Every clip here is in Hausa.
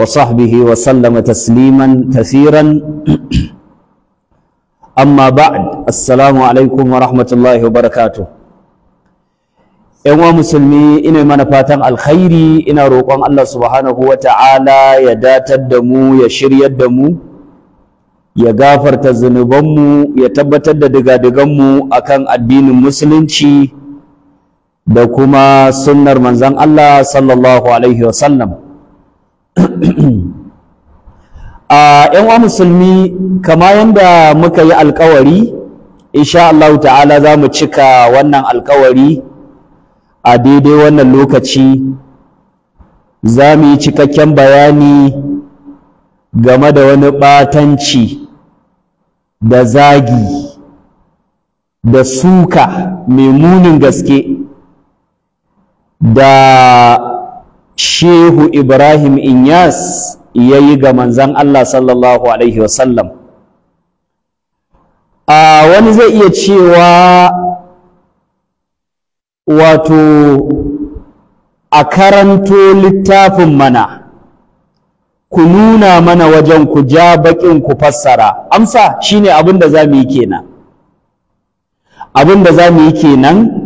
وصحبه وسلم تسليما كثيرا أما بعد السلام عليكم ورحمة الله وبركاته ‘Yan musulmi ina mana fatan alkhairi ina roƙon Allah subhanahu wa ta'ala ya datar da mu ya shiryar da mu ya gafarta zunubanmu ya tabbatar da digadiganmu a kan addinin musulunci da kuma sunnar manzan Allah sallallahu Alaihi wasallam. a yan wa musulmi kama yadda muka yi alkawari insha Allah ta'ala za mu cika wannan alkawari a daidai wannan lokaci za mu yi cikakken bayani game da wani batanci, da zagi da suka mai munin gaske da shehu ibrahim inyas ya yi ga manzan allah sallallahu alaihi wasallam a wani zai iya cewa wato a karanto littafin mana ku nuna mana wajen ku ja baƙin ku fassara amsa shine abin da za mu yi kenan abin da za mu yi kenan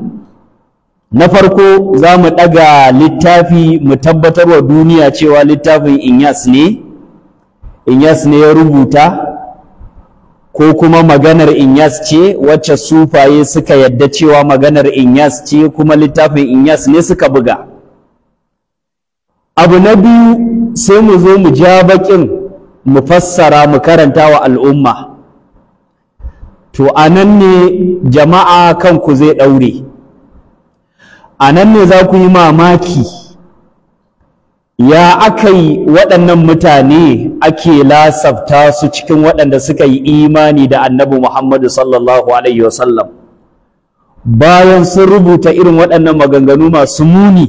na farko za mu ɗaga littafi mu tabbatar wa duniya cewa littafin inyas ne inyas ne ya rubuta ko kuma maganar inyas ce wacce sufaye suka yadda cewa maganar inyas ce kuma littafin inyas ne suka buga abu na biyu sai mu zo mu ja baƙin mu fassara mu karanta wa al'umma to anan ne jama'a kanku zai ɗaure a nan ne za ku yi mamaki ya aka yi waɗannan mutane ake lasafta su cikin waɗanda suka yi imani da annabi muhammadu sallallahu alaihi wasallam bayan sun rubuta irin waɗannan maganganu masu muni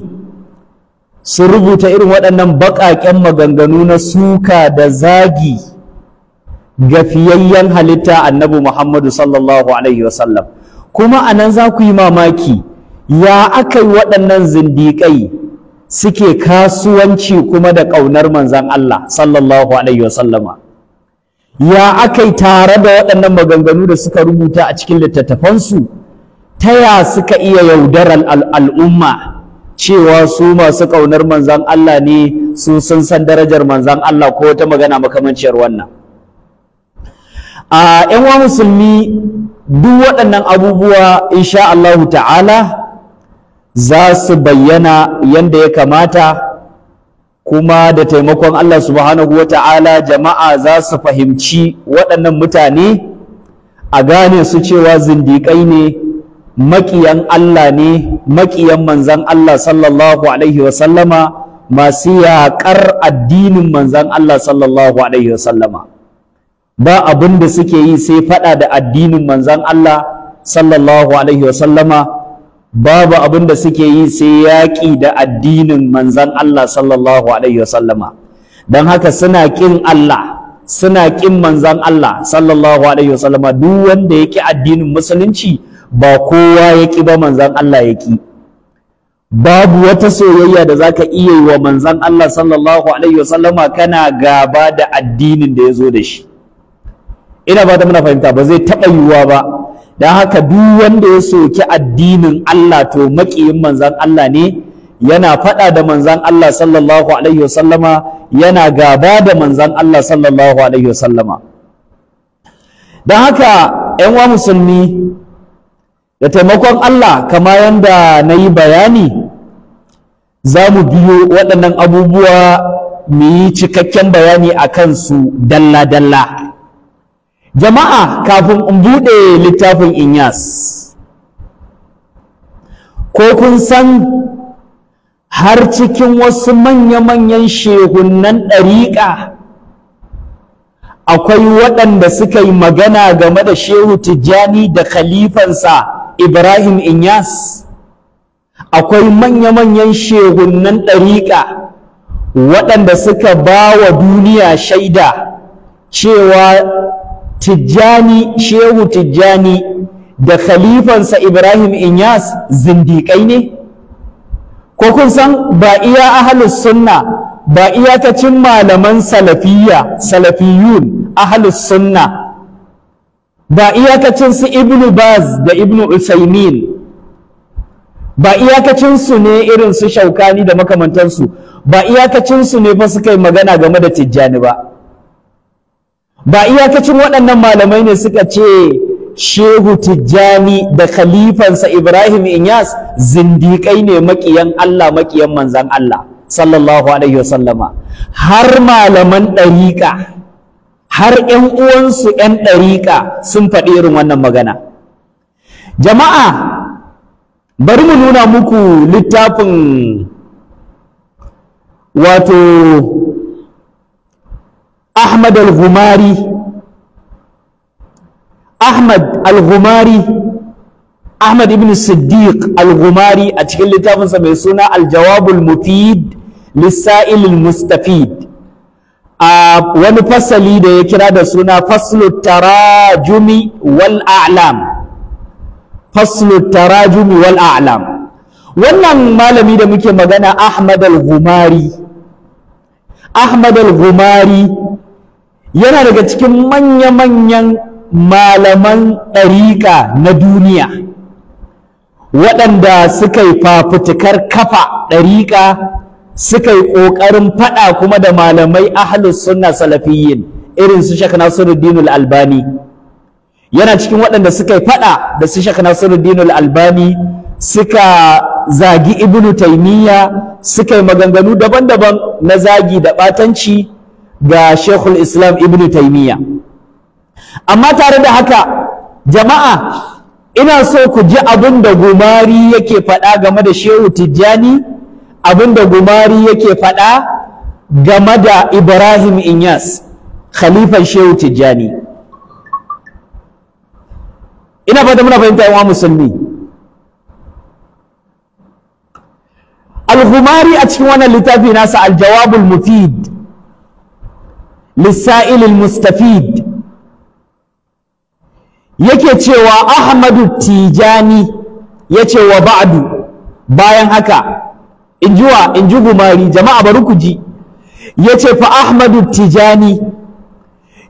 sun rubuta irin waɗannan baƙaƙen maganganu na suka da zagi ga fiyayyen halitta annabi muhammadu sallallahu alaihi wasallam kuma a nan za ku yi mamaki ya aka yi waɗannan zindiƙai suke kasuwanci kuma da ƙaunar manzan Allah sallallahu alaihi wasallama ya aka yi tare da waɗannan maganganu da suka rubuta a cikin littattafansu ta ya suka iya yaudarar al'umma cewa su masu ƙaunar manzan Allah ne su sun san darajar manzan Allah ko wata magana makamanciyar wannan a 'yan wa musulmi duk waɗannan abubuwa insha Allahu ta'ala za su bayyana yadda ya kamata kuma da taimakon Allah subhanahu wata'ala jama'a za su fahimci waɗannan mutane a gane su cewa zindiƙai ne maƙiyan Allah ne maƙiyan manzan Allah sallallahu alaihi wasallama masu yaƙar addinin manzan Allah sallallahu alaihi wasallama ba abin da suke yi sai faɗa da addinin manzan Allah sallallahu alaihi wasallama babu abin da suke yi sai yaƙi da addinin manzan Allah sallallahu alaihi wasallama don haka suna ƙin Allah suna ƙin manzan Allah sallallahu alaihi wasallama duk wanda ya addinin musulunci ba kowa ya ƙi ba manzan Allah ya ƙi babu wata soyayya da zaka iya yi wa manzan Allah sallallahu alaihi wasallama kana gaba da addinin da ya zo da shi ina ba da muna fahimta ba zai taɓa yiwuwa ba don haka duk wanda ya soki addinin Allah to maƙiyin manzan Allah ne yana faɗa da manzan Allah sallallahu alaihi wasallama yana gaba da manzan Allah sallallahu alaihi wasallama don haka ‘yan wa musulmi da taimakon Allah kama yadda na yi bayani za mu biyo waɗannan abubuwa mu yi cikakken bayani a kansu dalla-dalla jama'a kafin in buɗe littafin inyas ko kun san har cikin wasu manya-manyan shehunan ɗariƙa akwai waɗanda suka yi magana game da shehu tijjani da khalifansa ibrahim inyas akwai manya-manyan shehunan ɗariƙa waɗanda suka ba wa duniya shaida cewa tijjani shehu tijjani da khalifansa ibrahim inyas zindiƙai ne ko kun san ba iya ahalus sunna ba iyakacin malaman salafiyya salafiyun ahalus sunna ba iyakacin su ibnu baz da ibnu usaimin ba iyakacinsu ne irin su shaukani da makamantansu ba iyakacinsu ne fa suka yi magana game da tijjani ba ba iyakacin waɗannan malamai ne suka ce shehu tijjani da khalifansa ibrahim inyas zindiƙai ne maƙiyan allah maƙiyan manzan allah sallallahu alaihi wasallama har malaman ɗariƙa har ‘yan uwansu ‘yan ɗariƙa sun faɗi irin wannan magana jama'a bari mu nuna muku littafin wato ahmad al-humari ahmad a cikin littafinsa mai suna Aljawabul mufid lissa'il mustafid a wani fasali da ya kira da suna faslu tarajumi wal a'lam tarajumi wal a'lam wannan malami da muke magana ahmad al-humari ahmad al yana daga cikin manya-manyan malaman ɗariƙa na duniya waɗanda suka yi fafutukar kafa ɗariƙa suka yi ƙoƙarin faɗa kuma da malamai ahalus sunna salafiyyin irin su shek nasiruddin al-albani yana cikin waɗanda suka yi faɗa da su shek nasiruddin al-albani suka zagi ibnu taimiyya suka yi maganganu daban-daban na zagi da ɓatanci ga shekul islam ibn taimiyya amma tare da haka jama'a ina so ku ji abin da gumari yake faɗa game da shehu tijjani abin da gumari yake faɗa game da ibrahim inyas khalifan shehu tijjani ina fata muna fahimta yawa musulmi al a cikin wannan littafi nasa al-jawabul mufid lissa'ilil mustafid yake cewa ahmadu tijani ya ce wa ba'du bayan haka in ji gumari jama'a bari ku ji ya ce fa ahmadu tijani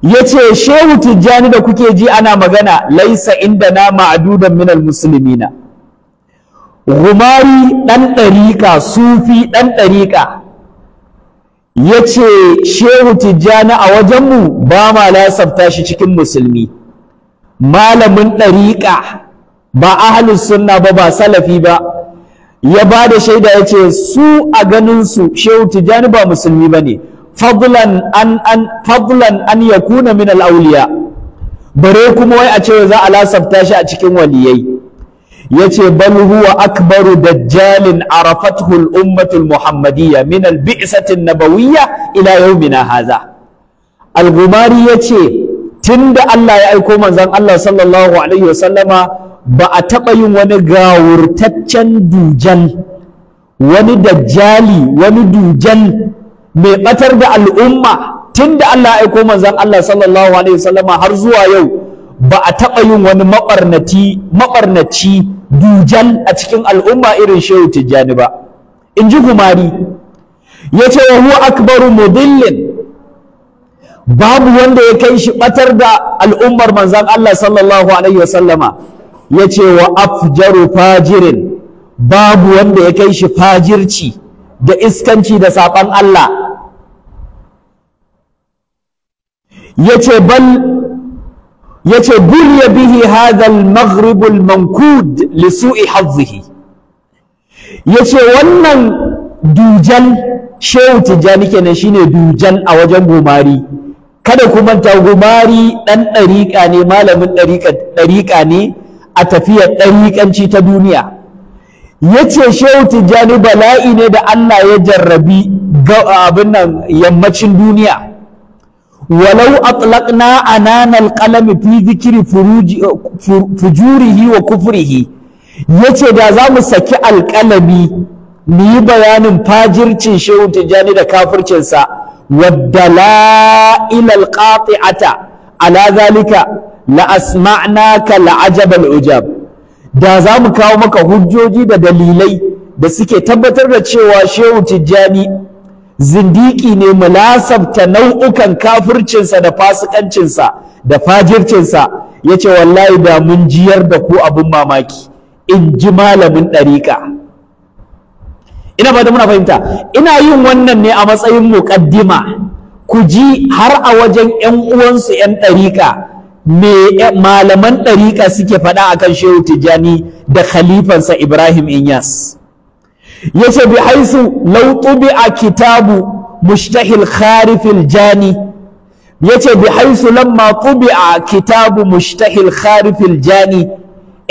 ya ce shehu tijjani da kuke ji ana magana laisa inda na ma'adudan minal musulmina gumari ɗan ɗariƙa sufi ɗan ɗariƙa ya ce shehu tijjani a wajenmu ba ma lasafta shi cikin musulmi malamin ɗariƙa ba ahalus sunna ba ba salafi ba ya ba da shaida ya ce su a ganinsu shehu tijjani ba musulmi ba ne fadlan an an fadlan yakuna min al bare kuma wai a ce za a lasafta shi a cikin waliyai yace bal huwa akbaru dajjalin arafathu al-ummatu al-muhammadiyya min al-bi'sati nabawiyya ila yawmina hadha al-gumari yace tunda Allah ya aiko manzon Allah sallallahu alaihi wasallama ba a taɓa yin wani gawurtaccen dujal wani dajjali wani dujal mai batar da al'umma tunda Allah ya aiko manzon Allah sallallahu alaihi wasallama har zuwa yau ba a taɓa yin wani maɓarnaci maɓarnaci dujal a cikin al'umma irin shehu tijjani ba in ji gumari ya ce wa huwa akbaru mudillin babu wanda ya kai shi ɓatar da al'ummar manzan Allah sallallahu alaihi wasallama ya ce wa afjaru fajirin babu wanda ya kai shi fajirci da iskanci da saɓan Allah ya ce bal yace buliya bihi hadha al mankud li su'i hazzihi yace wannan dujan shehu tijani kenan shine dujan a wajen gumari kada ku manta gumari dan dariƙa ne malamin dariƙa ne a tafiyar dariƙanci ta duniya yace shehu tijani bala'i ne da Allah ya jarrabi abin nan yammacin duniya walau atlaqna ananal qalami fi dhikri fujurihi wa kufrihi yace da za mu saki alƙalami mu yi bayanin fajircin shehu tijjani da kafircinsa والدلائل القاطعة la ذلك la لعجب العجاب da za mu kawo maka hujjoji da dalilai da suke tabbatar da cewa shehu tijjani zindiki ne mulasabta nau'ukan kafircinsa da fasikancinsa da fajircinsa ya ce wallahi da mun jiyar da ku abin mamaki in ji malamin ɗariƙa ina ba da muna fahimta ina yin wannan ne a matsayin muƙaddima ku ji har a wajen 'yan uwansu 'yan ɗariƙa me malaman ɗariƙa suke faɗa akan shehu tijjani da khalifansa ibrahim inyas yace bi haisu law tubi'a kitabu mushtahil kharifil jani yace bi haisu lamma tubi'a kitabu mushtahil kharifil jani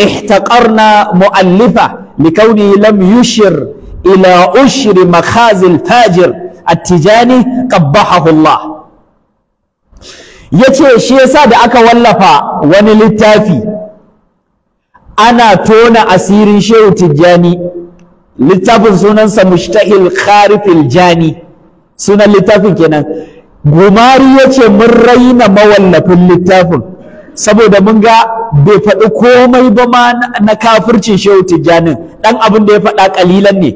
احتقرنا mu'allifa لكونه لم يشر إلى أشر مخاز yace shi yasa da aka wallafa wani littafi ana tona asirin shehu tijjani littafin sunansa mushtahil kharifil jani sunan littafin kenan gumari ya ce mun raina mawallafin littafin saboda mun ga bai faɗi komai ba ma na kafircin shehu tijjanin ɗan abin da ya faɗa ƙalilan ne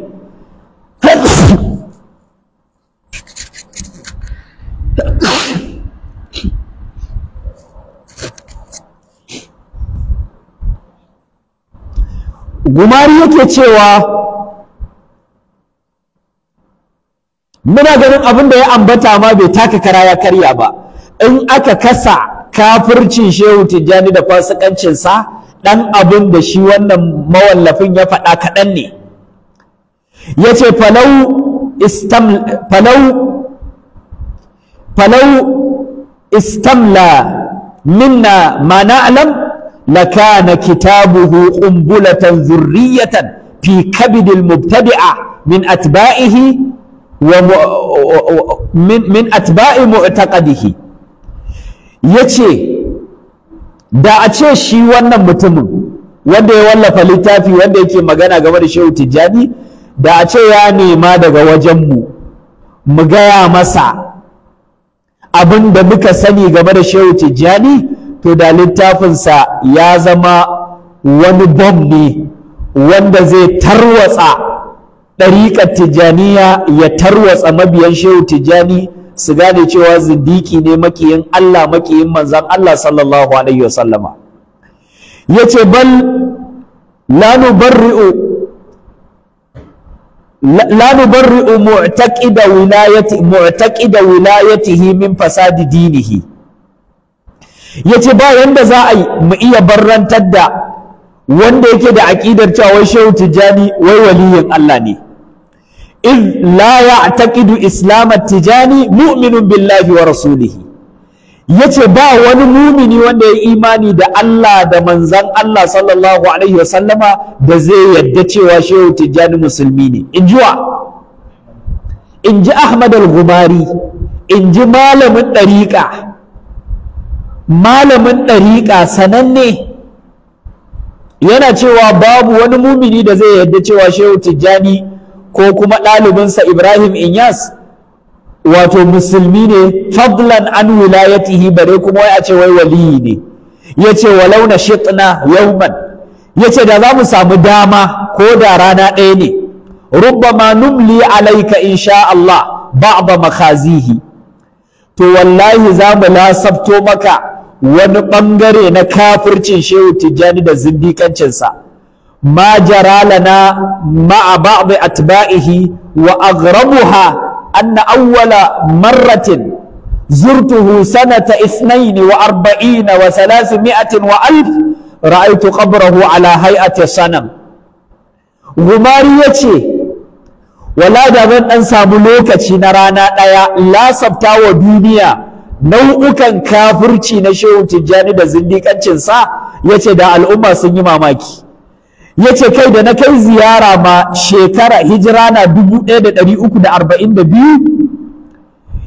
gumari yake cewa muna ganin abin da ya ambata ma bai taka kara ya karya ba in aka kasa kafircin shehu tijjani da fasikancinsa ɗan abin da shi wannan mawallafin ya faɗa kaɗan ne ya ce falau istamla minna ma na'lam lakana kitabuhu qumbulatan zurriyatan fi kabidil mubtadi'a min atba'ihi min atba'i mu'taqadihi yace da a ce shi wannan mutumin wanda ya wallafa littafi wanda yake magana game da shehu tijjani da a ce ya nema daga wajenmu mu gaya masa abin da muka sani game da shehu tijjani to da littafinsa ya zama wani bom ne wanda zai tarwatsa ɗariƙar tijjaniya ya tarwatsa mabiyan shehu tijjani su gane cewa zindiki ne makiyin Allah makiyin manzan Allah sallallahu alaihi wasallama ya ce bal la nubarri'u la nubarri'u mu'taqida wilayati mu'taqida wilayatihi min fasadi dinihi yace ba yanda za a yi mu iya barrantar da wanda yake da aƙidar cewa wai shehu tijjani wai waliyin Allah ne إذ لا يعتقد إسلام التجاني مؤمن بالله ورسوله yace ba wani mumini wanda ya imani da Allah da manzan Allah sallallahu alaihi wasallama da zai yadda cewa shehu tijjani musulmi ne in ji wa in ji Ahmad al-Gumari in ji malamin ɗariƙa malamin ɗariƙa sananne yana cewa babu wani mumini da zai yadda cewa shehu tijjani ko kuma ɗalibinsa Ibrahim Inyas wato musulmi ne fadlan an wilayatihi bare kuma wai a ce wai waliyi ne yace walau na shitna Ya yace da za mu samu dama ko da rana ɗaya ne rubbama numli alaika insha Allah ba makazihi to wallahi za mu lasabto maka wani ɓangare na kafircin shehu tijjani da zindiƙancinsa ma na lana ma'a ba'd atba'ihi wa aghrabuha anna awwala marratin زرته سنة اثنين وأربعين وثلاثمائة وألف رأيت قبره على هيئة صنم غمارية ولا دابن أن سابلوكة نرانا لا سبتا ودنيا nau'ukan kafirci na shehu tijjani da zindiƙancin sa yace da al'umma sun yi mamaki ya ce kai da na kai ziyara ma shekara hijira na 1342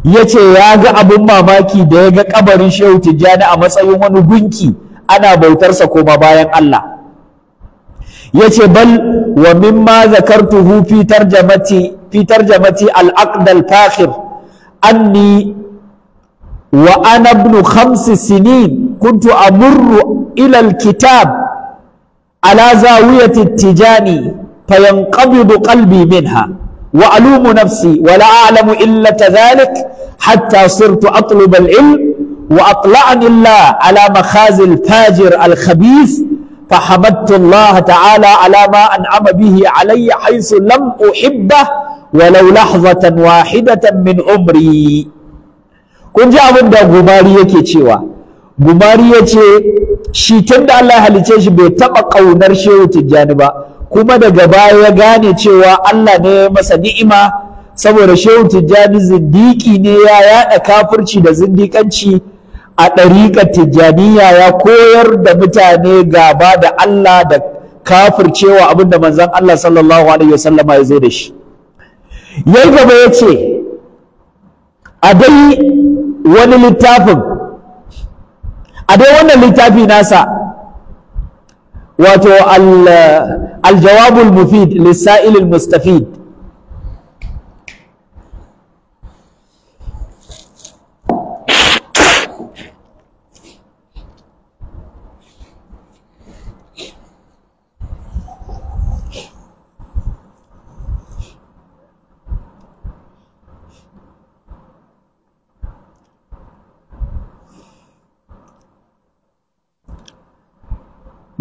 ya ce ya ga abin mamaki da ya ga kabarin shehu tijjani a matsayin wani gunki ana bautarsa koma bayan Allah ya ce bal wa mimma zakartuhu fi tarjamati fitar al-aqd al-fakhir anni wa ana ibn khams sinin kuntu amurru ila al-kitab على زاوية التجاني فينقبض قلبي منها وألوم نفسي ولا أعلم إلا ذلك حتى صرت أطلب العلم وأطلعني الله على مخازي الفاجر الخبيث فحمدت الله تعالى على ما أنعم به علي حيث لم أحبه ولو لحظة واحدة من عمري كنت أبدا abin da gumari shi tun da Allah ya halice shi bai taɓa ƙaunar shehu tijjani ba kuma daga baya ya gane cewa Allah ne masa ni'ima saboda shehu tijjani zindiki ne ya yaɗa kafirci da zindikanci a ɗariƙar tijjaniya ya koyar da mutane gaba da Allah da kafircewa abin da manzon Allah sallallahu alaihi sallama ya zo da shi yai gaba ya ce a dai wani littafin a dai wannan littafi nasa wato al mufid al mustafid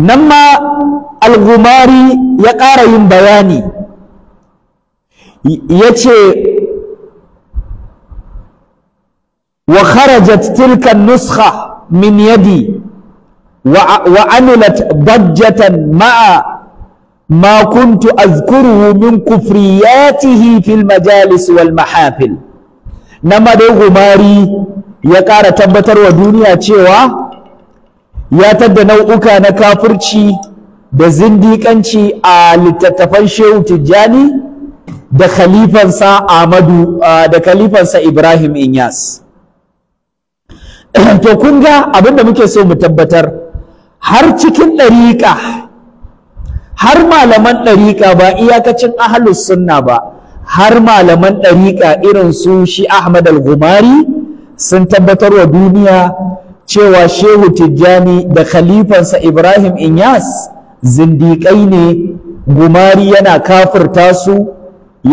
nan ma al-gumari ya ƙara yin bayani ya ce wa kharajat tilka nuskha min yadi wa amilat bajjatan ma'a ma kuntu azkuruhu min kufriyatihi fil majalis wal mahafil nan ma dai gumari ya ƙara tabbatar wa duniya cewa ya tadda nau'uka na kafirci da zindiƙanci a littattafan shehu tijjani da khalifansa amadu da khalifansa ibrahim inyas to kun ga muke so mu tabbatar har cikin ɗariƙa har malaman ɗariƙa ba iyakacin ahalus sunna ba har malaman ɗariƙa irin su shi ahmad al-gumari sun tabbatar wa duniya cewa shehu tijjani da khalifansa ibrahim inyas zindiƙai ne gumari yana kafirta su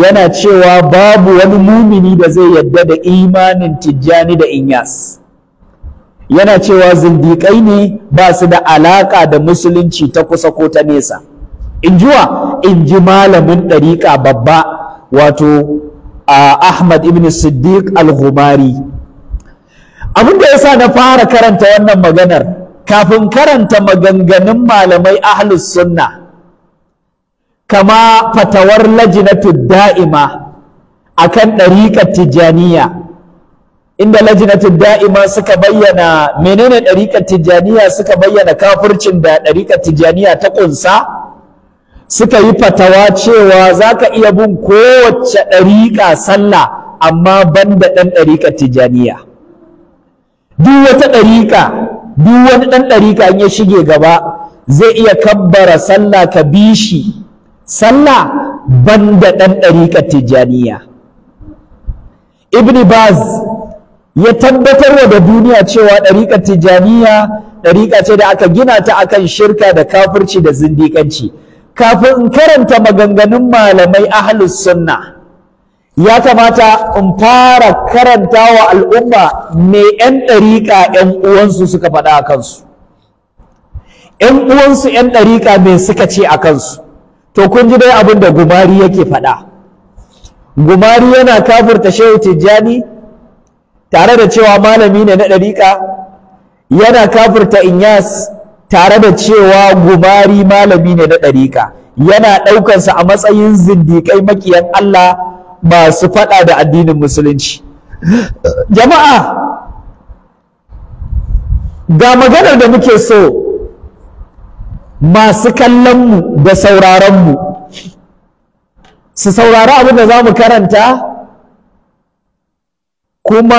yana cewa babu wani mumini da zai yadda da imanin tijjani da inyas yana cewa zindiƙai ne ba su da alaƙa da musulunci ta kusa ko ta nesa in jiwa in ji malamin ɗariƙa babba wato ahmad ibn siddiq al-ghumari abin da sa na fara karanta wannan maganar kafin karanta maganganun malamai ahlus sunna kama fatawar lajinatu da'ima akan ɗariƙar Tijaniya, inda lajinatu da'ima suka bayyana menene ɗariƙar Tijaniya suka bayyana kafircin da ɗariƙar tijjaniya ta ƙunsa suka yi fatawa cewa za ka iya bin kowace ɗariƙa sallah amma ban da ɗan ɗariƙar tijjaniya duk wata ɗariƙa duk wani ɗan ɗariƙa in ya shige gaba zai iya kabbara sallah ka bi shi sallah banda ɗan ɗariƙar tijjaniya ibni baz ya tabbatar wa da duniya cewa ɗariƙar tijjaniya ɗariƙa ce da aka gina ta akan shirka da kafirci da zindiƙanci kafin in karanta maganganun malamai ahlus sunna ya kamata in fara karanta wa al'umma me 'yan ɗariƙa 'yan uwansu suka faɗa a kansu 'yan uwansu 'yan ɗariƙa me suka ce a kansu to kun ji dai abin da gumari yake faɗa gumari yana kafurta shehu tijjani tare da cewa malami ne na ɗariƙa yana kafurta inyas tare da cewa gumari malami ne na ɗariƙa yana ɗaukansa a matsayin zindikai makiyan allah masu faɗa da addinin musulunci jama'a ga maganar da muke so masu kallon mu da mu, su saurari abin da za mu karanta kuma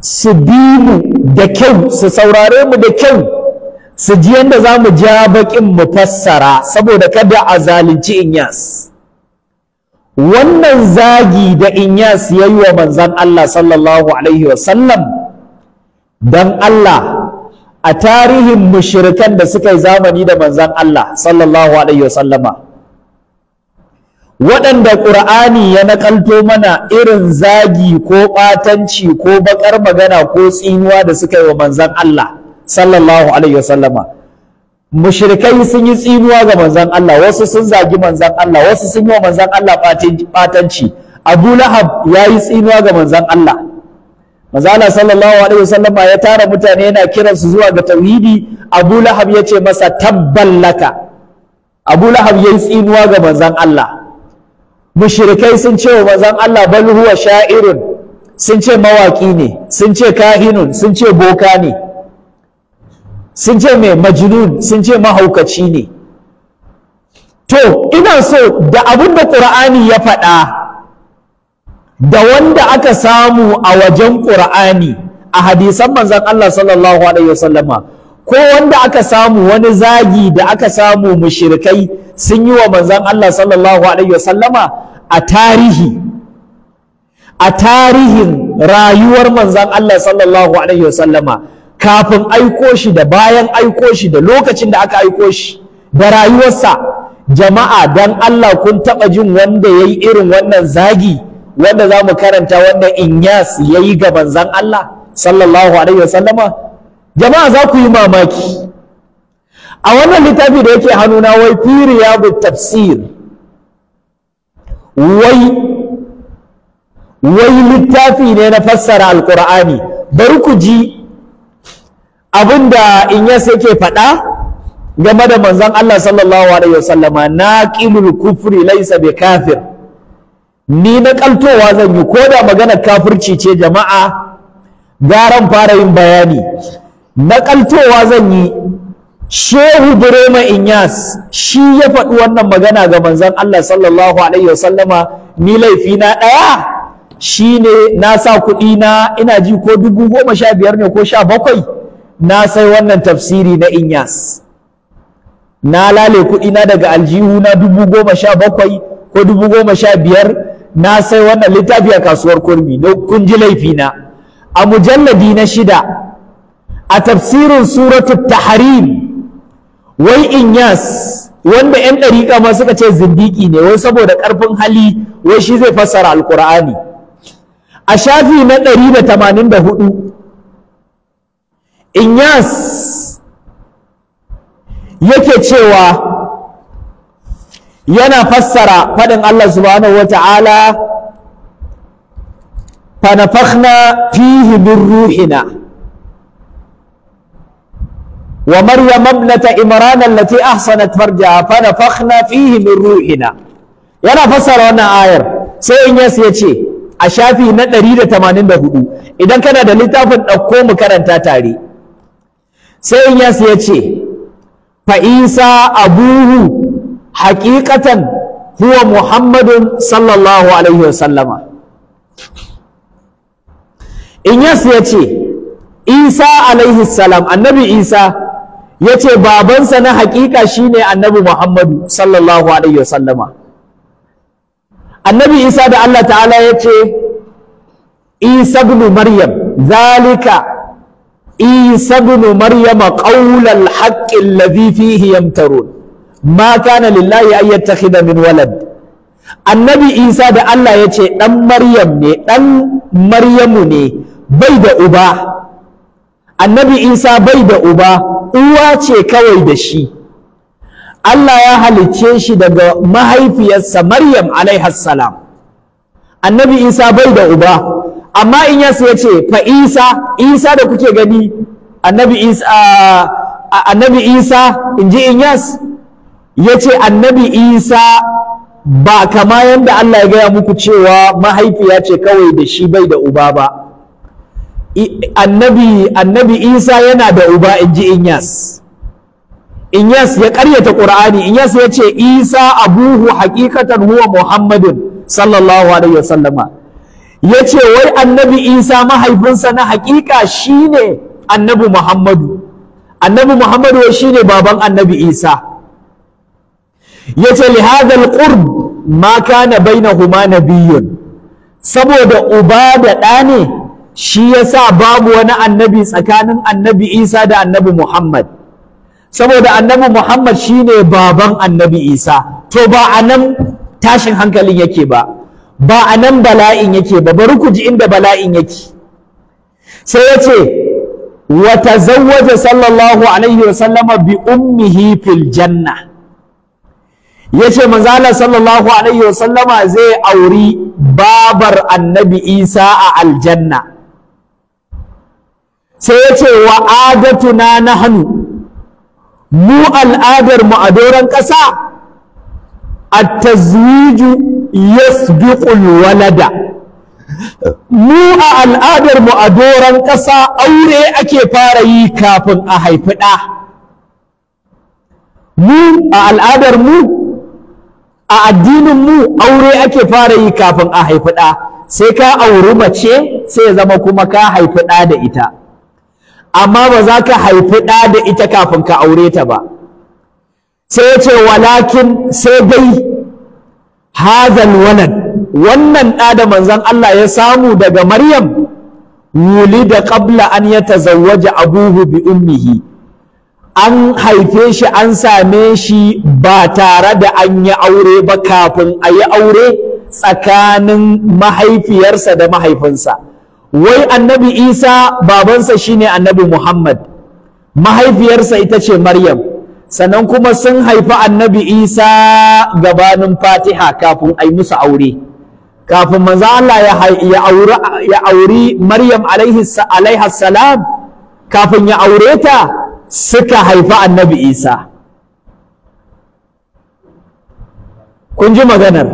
su bi mu da kyau su saurare mu da kyau su ji yadda za mu ja baƙin mu fassara saboda kada a zalunci inyas wannan zagi da inyas ya yi wa manzan Allah sallallahu alaihi wasallam don Allah a tarihin mushirikan da suka yi zamani da manzan Allah sallallahu alaihi wasallama waɗanda ƙur'ani ya naƙalto mana irin zagi ko ɓatanci ko baƙar magana ko tsinuwa da suka yi wa manzan Allah sallallahu alaihi wasallama mushrikai sun yi tsinuwa ga manzan Allah wasu sun zagi manzan Allah wasu sun yi wa manzon Allah batanci Abu Lahab ya yi tsinuwa ga manzan Allah Maza Allah sallallahu alaihi wasallam ya tara mutane yana kiran su zuwa ga tauhidi Abu Lahab ya ce masa tabballaka Abu Lahab ya yi tsinuwa ga manzan Allah mushrikai sun ce wa manzon Allah bal huwa sha'irun sun ce mawaki ne sun ce kahinun sun ce boka ne sun ce mai majnun sun ce mahaukaci ne to ina so da abin da ƙur'ani ya faɗa da wanda aka samu a wajen ƙur'ani a hadisan manzan Allah sallallahu alaihi wasallama ko wanda aka samu wani zagi da aka samu mushirikai sun yi wa manzan Allah sallallahu alaihi wasallama a tarihi a tarihin rayuwar manzan Allah sallallahu alaihi wasallama kafin aiko shi da bayan aiko shi da lokacin da aka aiko shi da rayuwarsa jama'a dan Allah kun taɓa jin wanda ya yi irin wannan zagi wanda za mu karanta wanda inyas ya yi ga manzan Allah sallallahu alaihi wasallama jama'a za ku yi mamaki a wannan littafi da yake hannuna wai ya riyadu tafsir wai wai littafi ne na fassara alqur'ani bari ku ji abinda in yas yake faɗa game da manzon Allah sallallahu alaihi wasallama naqilul kufri laysa bi kafir ni na kaltowa zan yi ko da maganar kafirci ce jama'a garan fara yin bayani na kaltowa zan yi shehu burema inyas shi ya faɗi wannan magana ga manzon Allah sallallahu alaihi wasallama ni laifi na ɗaya shine na sa kuɗi na ina ji ko dubu goma sha biyar ne ko sha bakwai na sai wannan tafsiri na inyas na lale kuɗina daga aljihu na dubu goma sha bakwai ko dubu goma sha biyar na sai wannan littafi a kasuwar kurmi don kun ji laifina a mujalladi na shida a tafsirin suratul taharim wai inyas wanda 'yan ɗariƙa ma suka ce zindiki ne wai saboda ƙarfin hali wai shi zai fassara alƙur'ani a shafi na ɗari da tamanin da hudu inyas yake cewa yana fassara faɗin Allah subhanahu wata'ala fanafakhna fihi min ruhina wa maryam ibnata imran allati ahsanat farjaha fanafakhna fihi min ruhina yana fassara wannan ayar sai in ya ce a shafi na 184 idan kana da littafin ɗauko mu karanta tare sai Inyas ya ce fa'isa abuhu haƙiƙatan huwa muhammadun sallallahu alaihi wasallama Inyas ya ce isa alaihi salam annabi isa ya ce babansa na haƙiƙa shine annabi muhammadu sallallahu alaihi wasallama annabi isa da allah ta'ala ya ce isa ibn maryam zalika isa ibn maryama qawlal haqqi alladhi fihi yamtarun ma kana lillahi an yattakhidha min walad annabi isa da allah ya ce ɗan maryam ne ɗan maryamu ne bai da uba annabi isa bai da uba uwa ce kawai da shi allah ya halicce shi daga mahaifiyarsa maryam salam. annabi isa bai da uba amma in yasu ya ce fa isa isa da kuke gani annabi isa annabi isa in ji in yas ya ce annabi isa ba kama yadda Allah ya gaya muku cewa mahaifiya ce kawai da shi bai da uba ba annabi annabi isa yana da uba in ji inyas inyas ya karyata qur'ani yas ya ce isa abuhu haqiqatan huwa muhammadin sallallahu alaihi wasallama ya ce wai annabi isa mahaifinsa na hakika shine annabi muhammadu annabi muhammadu shine baban annabi isa ya ce na ƙurb ma huma na biyun saboda uba da ɗa ne shi sa babu wani annabi tsakanin annabi isa da annabi muhammad saboda annabi muhammad shine baban annabi isa to ba a nan tashin hankalin yake ba ba a nan bala'in yake ba bari ku ji inda bala'in yake sai ya ce wa sallallahu alaihi wasallama bi ummihi fil janna yace manzo Allah sallallahu alaihi wasallama zai auri babar annabi Isa a aljanna sai yace wa adatuna hannu mu al'adar mu a doron ƙasa A tazwiju yasbiqul walada mu a al'adar mu a doron ƙasa aure ake fara yi kafin a haifi ɗa mu a al'adar mu a addinin mu aure ake fara yi kafin a haifi ɗa sai ka auri mace sai zama kuma ka haifi ɗa da ita amma ba za ka haifi ɗa da ita kafin ka aure ta ba sai ya ce walakin sai dai hadal walad wannan ɗa da manzon Allah ya samu daga Maryam wulida qabla an yatazawwaja abuhu bi ummihi an haife shi an same shi ba tare da an yi aure ba kafin a yi aure tsakanin mahaifiyarsa da mahaifinsa wai annabi isa babansa shine annabi muhammad mahaifiyarsa ita ce maryam sannan kuma sun haifi annabi isa gabanin fatiha kafin a yi musu aure kafin manzo Allah ya auri maryam alaihi salam kafin ya aure ta suka haifi annabi isa kun ji maganar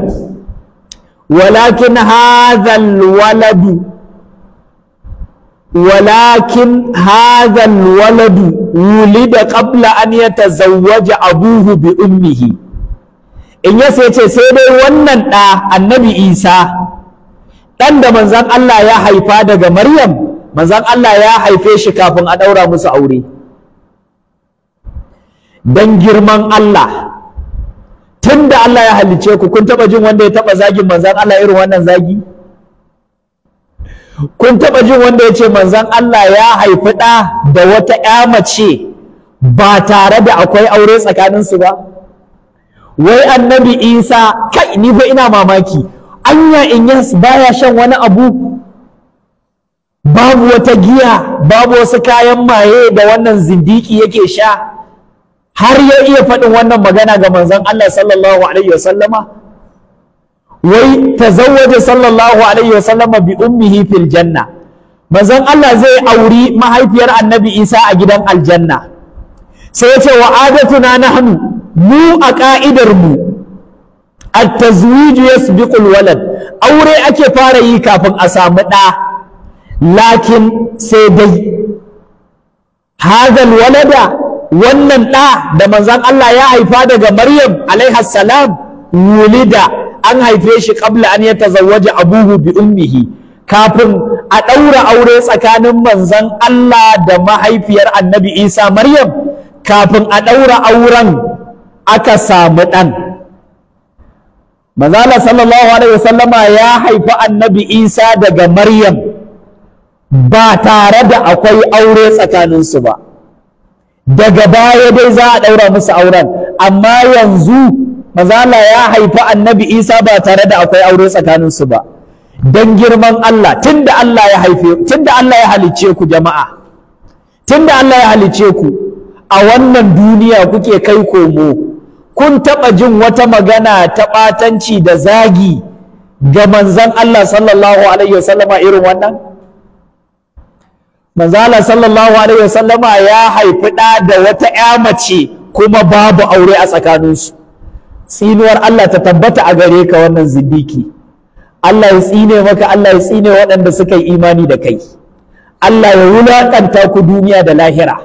walakin hadhal waladu walakin هذا waladu ولد قبل an يتزوج abuhu bi ummihi in ya sai ce sai dai wannan ɗa annabi isa ɗan da manzan Allah ya haifa daga maryam manzan Allah ya haife shi kafin a ɗaura musu aure don girman Allah tun da Allah ya halice ku kun taɓa jin wanda ya taɓa zagin manzan Allah irin wannan zagi kun taɓa jin wanda ya ce manzan Allah ya haifi ɗa da wata ‘ya mace ba tare da akwai aure tsakaninsu ba wai annabi isa kai ni fa ina mamaki anya inyas baya shan wani abu babu wata giya babu wasu kayan maye da wannan zindiki yake sha har ya iya faɗin wannan magana ga manzon Allah sallallahu alaihi wasallama wai tazawwaja sallallahu alaihi wasallam bi ummihi fil janna manzon Allah zai auri mahaifiyar annabi Isa a gidan aljanna sai ya ce wa adatuna nahnu mu a ka'idar mu at-tazwij yasbiqu walad aure ake fara yi kafin a samu ɗa lakin sai dai hadha walada wannan ɗa da manzon Allah ya haifa daga Maryam alaiha salam wulida an haife shi kabla an tazawaje abuhu bi ummihi kafin a ɗaura aure tsakanin manzon Allah da mahaifiyar annabi Isa Maryam kafin a ɗaura auren aka samu ɗan manzala sallallahu alaihi wasallama ya haifi annabi Isa daga Maryam ba tare da akwai aure tsakaninsu ba daga baya dai za a ɗaura musu auren amma yanzu manzo Allah ya haifi annabi Isa ba tare da akwai aure tsakanin su ba dan girman Allah tunda Allah ya haife tunda Allah ya halice ku jama'a tunda Allah ya halice ku a wannan duniya kuke kai komo kun taɓa jin wata magana ta ɓatanci da zagi ga manzan Allah sallallahu alaihi wasallama irin wannan Manzala Allah sallallahu alaihi wasallama ya haifi da da wata mace kuma babu aure a tsakaninsu tsinuwar Allah ta tabbata a gare ka wannan zindiki Allah ya tsine maka Allah ya tsine waɗanda suka yi imani da kai Allah ya wulaƙanta ku duniya da lahira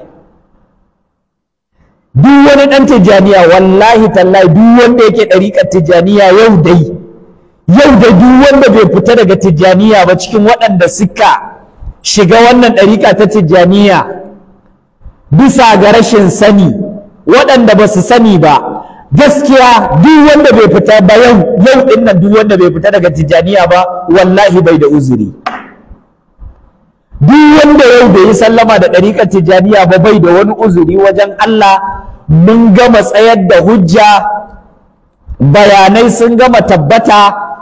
duk wani ɗan tijjaniya wallahi tallahi duk wanda yake ɗariƙar tijjaniya yau dai yau da duk wanda bai fita daga tijjaniya ba cikin waɗanda suka shiga wannan ɗariƙa ta tijjaniya bisa ga rashin sani waɗanda ba su sani ba gaskiya duk wanda bai fita ba yau yau din nan duk wanda bai fita daga tijaniya ba wallahi bai da uzuri duk wanda yau bai yi sallama da ɗariƙar tijaniya ba bai da wani uzuri wajen Allah mun gama tsayar da hujja bayanai sun gama tabbata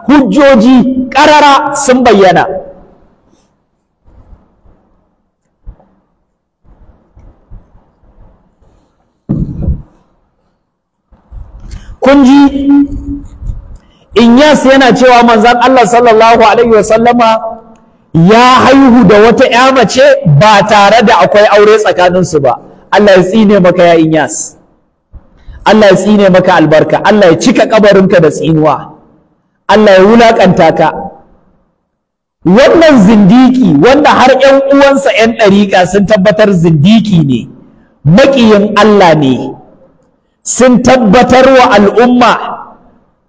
hujjoji ƙarara sun bayyana kun ji inyas yana cewa manzan Allah sallallahu alaihi wasallama ya haihu da wata ya mace ba tare da akwai aure tsakaninsu ba Allah ya tsine maka ya inyas Allah ya tsine maka albarka Allah ya cika kabarinka da tsinuwa Allah ya wulakanta ka wannan zindiki wanda har 'yan uwansa 'yan ɗariƙa sun tabbatar zindiki ne maƙiyin Allah ne sun tabbatar wa al'umma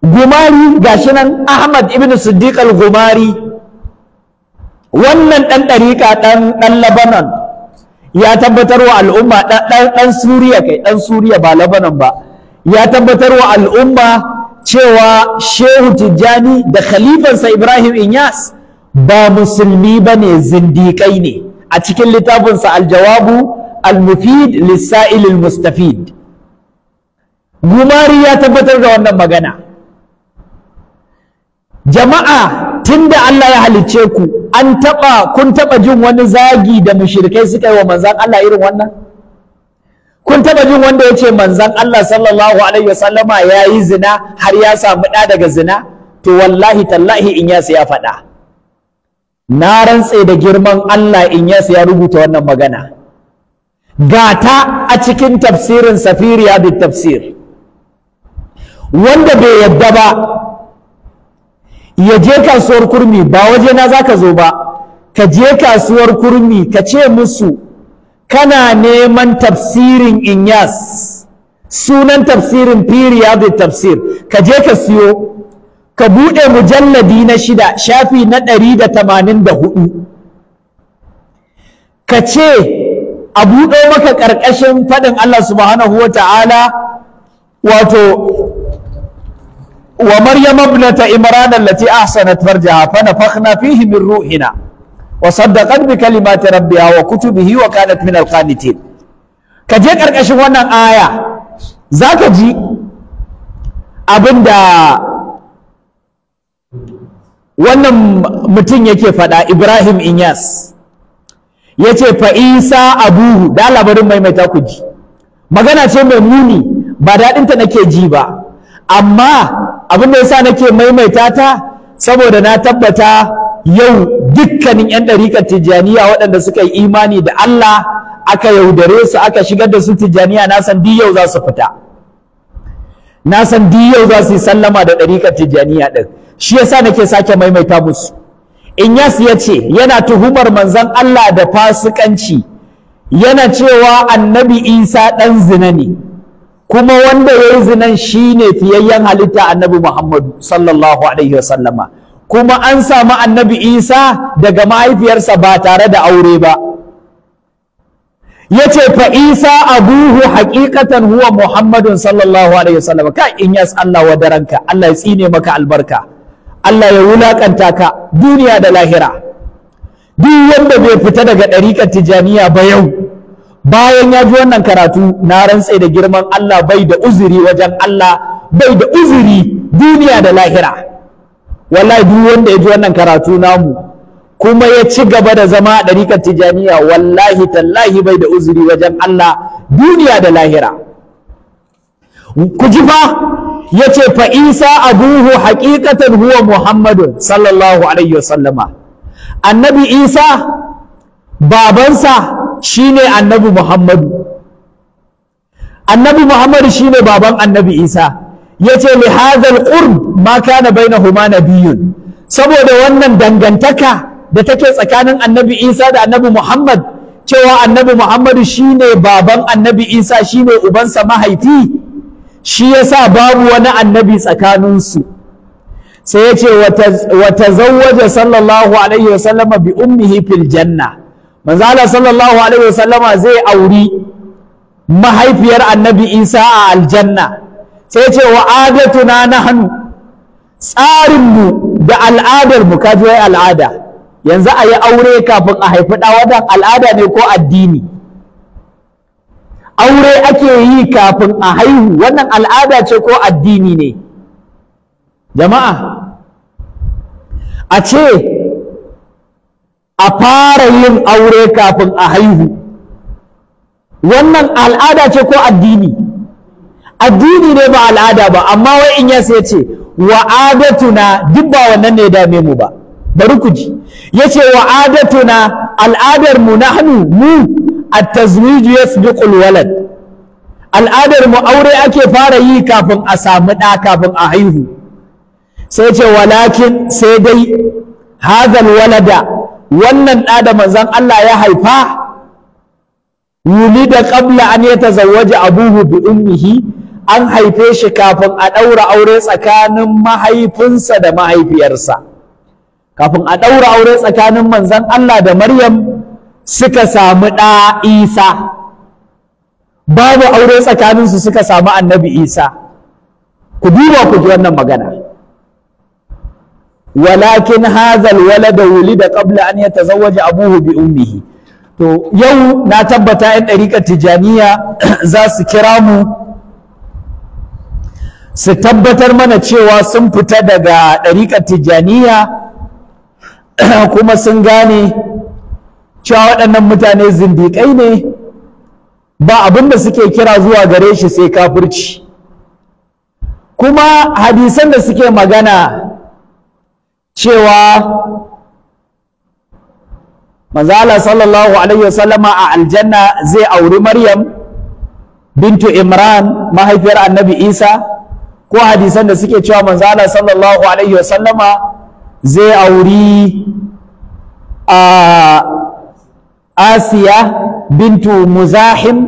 gumari gashi nan ahmad ibn siddiq al-gumari wannan ɗan ɗariƙa ɗan labanan ya tabbatar wa al'umma ɗan suriya kai ɗan suriya ba labanan ba ya tabbatar wa al'umma cewa shehu tijjani da khalifansa ibrahim inyas ba musulmi ba ne zindiƙai ne a cikin littafinsa aljawabu al-mufid lissa'il al-mustafid gumari ya tabbatar da wannan magana jama'a tunda Allah ya halicce ku an taba kun taba jin wani zagi da mushrikai suka yi wa manzan Allah irin wannan kun taba jin wanda ya ce manzan Allah sallallahu alaihi wasallama yayi zina har ya samu da daga zina to wallahi tallahi in ya ya faɗa na rantse da girman Allah in ya ya rubuta wannan magana gata a cikin tafsirin safiriya bi tafsir wanda bai yadda ba ya je kasuwar kurmi ba waje na za ka zo ba ka je kasuwar kurmi ka ce musu kana neman tafsirin inyas sunan tafsirin firiya tafsir ka je ka siyo ka buɗe mujalladi na shida shafi na ɗari da tamanin da hudu ka ce a buɗo maka ƙarƙashin faɗin Allah subhanahu wa ta'ala wato wa maryam ibnata imran allati ahsanat farjaha fa nafakhna fihi min ruhina wa saddaqat bi kalimati rabbiha wa kutubihi wa kanat min alqanitin ka je karkashin wannan aya zaka ji abinda wannan mutum yake faɗa ibrahim inyas yace ce fa'isa abuhu da labarin maimaita ku ji magana ce mai muni ba daɗinta nake ji ba amma abin da yasa nake maimaita ta saboda na tabbata yau dukkanin 'yan ɗarikar tijjaniya waɗanda suka yi imani da Allah aka yaudare su aka shigar da su tijjaniya na san duk yau za su fita na san duk yau za su yi sallama da ɗarikar tijjaniya ɗin shi yasa nake sake maimaita musu inyas ya ce yana tuhumar manzon Allah da fasikanci yana cewa annabi isa ɗan zina ne kuma wanda ya yi zinan shi ne fiyayyen halitta annabi Muhammadu sallallahu alaihi wasallama kuma an samu annabi Isa daga mahaifiyarsa ba tare da aure ba ya ce fa Isa abuhu haƙiƙatan huwa Muhammadun sallallahu alaihi wasallama ka in yas Allah wa daranka Allah ya tsine maka albarka Allah ya wulaƙanta ka duniya da lahira duk wanda bai fita daga ɗariƙar tijaniya ba yau bayan ya ji wannan karatu na rantse da girman Allah bai da uzuri wajen Allah bai da uzuri duniya da lahira wallahi duk wanda ya ji wannan karatu namu kuma ya ci gaba da zama a ɗarikar tijaniya wallahi tallahi bai da uzuri wajen Allah duniya da lahira ku ji fa ya ce fa isa abuhu haƙiƙatan huwa muhammadun sallallahu alaihi wasallama annabi isa babansa shine annabi muhammadu annabi muhammadu shine baban annabi isa ya ce li hazal qurb ma kana bainahuma nabiyyun saboda wannan dangantaka da take tsakanin annabi isa da annabi muhammad cewa annabi muhammadu shine baban annabi isa shine ubansa mahaifi shi yasa babu wani annabi tsakaninsu sai ya ce wata zawwaja sallallahu alaihi wasallama bi ummihi fil janna manzo Allah sallallahu alaihi wasallama zai auri mahaifiyar annabi Isa a aljanna sai ce wa adatuna nahnu tsarin mu da al'adar mu kaji wai al'ada yanzu a yi aure kafin a haifi ɗa wannan al'ada ne ko addini aure ake yi kafin a haihu wannan al'ada ce ko addini ne jama'a a ce a fara yin aure kafin a haihu wannan al'ada ce ko addini addini ne ba al'ada ba amma wai in ya sai ce adatuna duk ba wannan ne dame mu ba bari ku ji ya ce adatuna al'adar mu hannu mu at-tazwiju yasbiqul walad al'adar mu aure ake fara yi kafin a samu ɗa kafin a haihu sai ce walakin sai dai hadal walada wannan ɗa da manzan Allah ya haifa yuli da ƙabla an ta tazawwaja abuhu bi ummihi an haife shi kafin a ɗaura aure tsakanin mahaifinsa da mahaifiyarsa kafin a ɗaura aure tsakanin manzan Allah da Maryam suka samu ɗa Isa babu aure tsakaninsu suka samu annabi Isa ku duba ku ji wannan magana walakin da walada da ƙabla, an yatazawwaja abuhu bi ummihi to yau na tabbata yan ɗariƙar tijaniya za su kira mu su tabbatar mana cewa sun fita daga ɗariƙar tijjaniya kuma sun gane cewa waɗannan mutane zindiƙai ne ba abin da suke kira zuwa gare shi sai kafirci kuma hadisan da suke magana cewa manzala sallallahu alaihi wasallama a aljanna zai auri maryam bintu imran mahaifiyar annabi isa ko hadisan da suke cewa manzala sallallahu alaihi wasallama zai auri a asiya bintu muzahim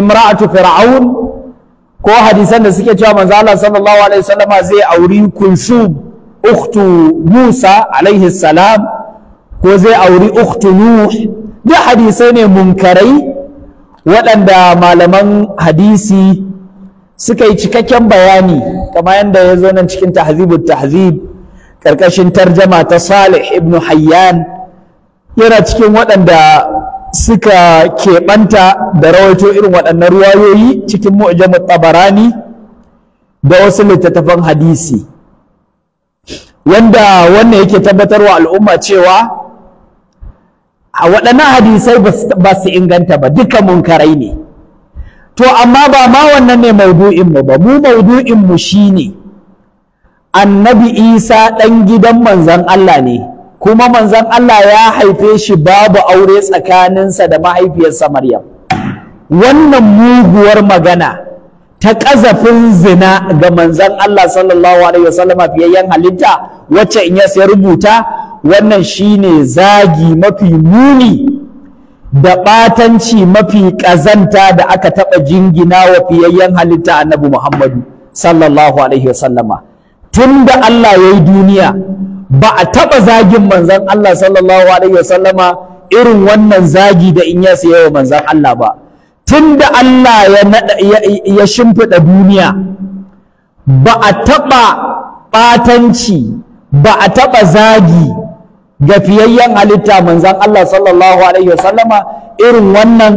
imra'atu fir'aun ko hadisan da suke cewa manzala sallallahu alaihi wasallama zai auri kunsub Uktu Musa alaihi salam ko zai auri Uktu Nuh duk hadisai ne munkarai waɗanda malaman hadisi suka yi cikakken bayani kamar yadda ya zo nan cikin tahzibul tahzib karkashin tarjama ta Salih ibn Hayyan yana cikin waɗanda suka keɓanta da rawaito irin waɗannan ruwayoyi cikin mu'jamut tabarani da wasu littattafan hadisi wanda wannan yake tabbatarwa al'umma cewa a waɗannan hadisai ba su inganta ba duka munkarai ne to amma ba ma wannan ne maudu'inmu ba mu maudu'inmu shi ne annabi isa ɗan gidan manzan allah ne kuma manzan allah ya haife shi babu aure tsakaninsa da mahaifiyarsa maryam wannan muguwar magana ta ƙazafin zina ga manzan Allah sallallahu alaihi wasallama fiyayyen halitta wacce in ya rubuta wannan shine zagi mafi muni da ɓatanci mafi ƙazanta da aka taɓa jingina wa fiyayyen halitta annabi Muhammadu sallallahu alaihi wasallama tun da Allah ya yi duniya ba a taɓa zagin manzan Allah sallallahu alaihi wasallama irin wannan zagi da in ya yawa manzan Allah ba tun da Allah ya shimfiɗa duniya ba a taɓa ɓatanci ba a taɓa zagi ga fiyayyen halitta manzan Allah sallallahu alaihi wasallama irin wannan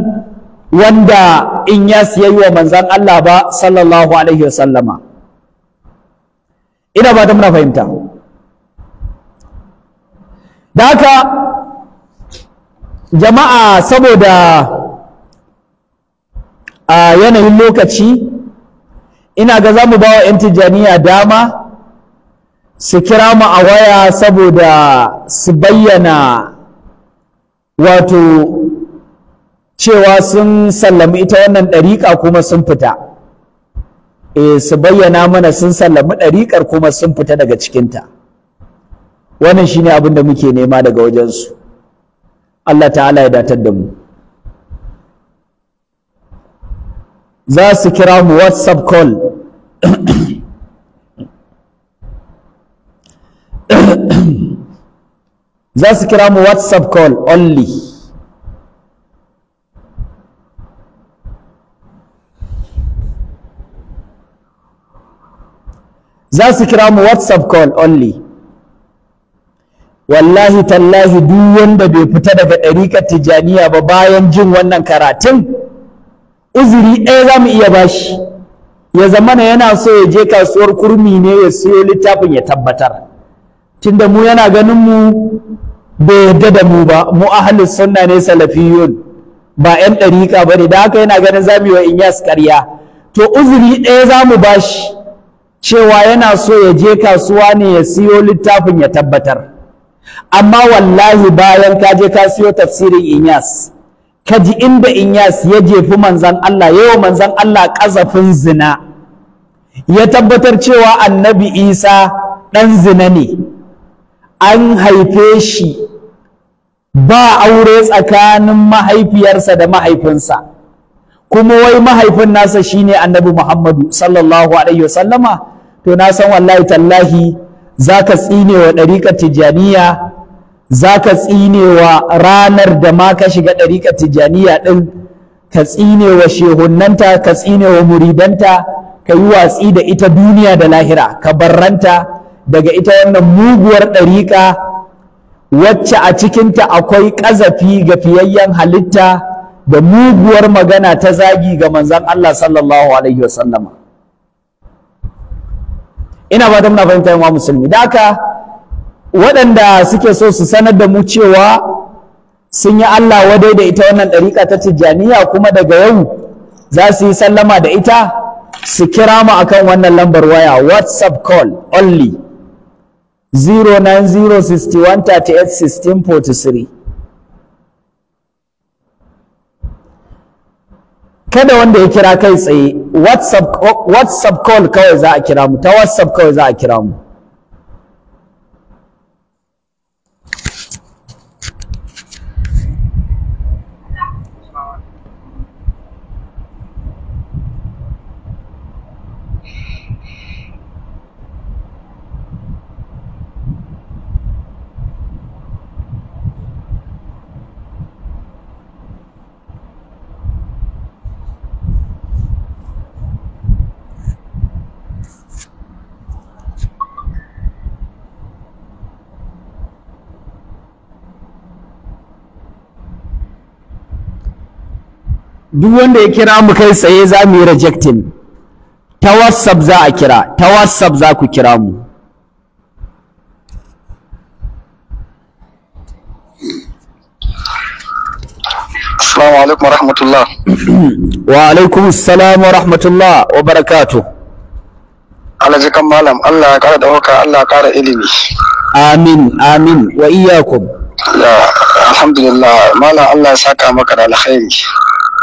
wanda in ya siyayi wa manzan Allah ba sallallahu alaihi wasallama ina ba ta muna fahimta da haka jama'a saboda a yanayin lokaci ina ga za mu ba wa 'yan tijjaniya dama su kira mu a waya saboda su bayyana wato cewa sun sallami ita wannan ɗariƙa kuma sun fita e su bayyana mana sun sallami ɗariƙar kuma sun fita daga cikinta wannan shine abin da muke nema daga wajensu Allah ta'ala ya datar da mu za su kira mu whatsapp call za su kira mu whatsapp call only za su kira mu whatsapp call only wallahi tallahi duk wanda bai fita daga ɗariƙar tijjaniya ba bayan jin wannan karatun uzuri ɗaya za mu iya bashi ya zamana yana so ya je kasuwar kurmi ne ya siyo littafin ya tabbatar tunda mu yana ganin mu bai yadda da mu ba mu ahlus sunna ne salafiyun ba 'yan ɗariƙa ba ne da haka yana ganin za mu yi wa inyas ƙarya to uzuri ɗaya za mu bashi cewa yana so ya je kasuwa ne ya siyo littafin ya tabbatar amma wallahi bayan ka je ka siyo tafsirin inyas kaji inda inyas ya jefi manzan Allah yawa manzan Allah ƙazafin zina ya tabbatar cewa annabi isa ɗan zina ne an haife shi ba aure tsakanin mahaifiyarsa da mahaifinsa kuma wai mahaifin nasa shine annabi muhammadu sallallahu alaihi wasallama to na san wallahi tallahi za ka tsine wa ɗariƙar tijjaniya za ka tsinewa ranar da ma ka shiga ɗariƙar tijaniya ɗin ka tsinewa shehunnanta ka tsinewa muridanta ka yi watsi da ita duniya da lahira ka barranta daga ita wannan muguwar ɗariƙa wacce a cikinta akwai ƙazafi ga fiyayyen halitta da muguwar magana ta zagi ga manzan Allah sallallahu alaihi wasallama ina ba da muna fahimta yawa musulmi da haka waɗanda suke so su sanar da mu cewa sun yi Allah wadai da ita wannan ɗariƙa ta tijjaniya kuma daga yau za su yi sallama da ita su kira mu akan wannan lambar waya whatsapp call only 09061381643 kada wanda ya kira kai tsaye whatsapp call kawai za a kira mu ta whatsapp kawai za a kira mu duk wanda ya kira mu kai tsaye za mu yi rejectin ta whatsapp za a kira ta whatsapp za ku kira mu Assalamu alaikum warahmatullah. Wa alaikum salam wa rahmatullah wa barakatu Alhaji kan malam Allah ya kara dauka Allah ya kara ilimi. Amin amin wa iyyakum. Alhamdulillah malam Allah ya saka maka da alkhairi.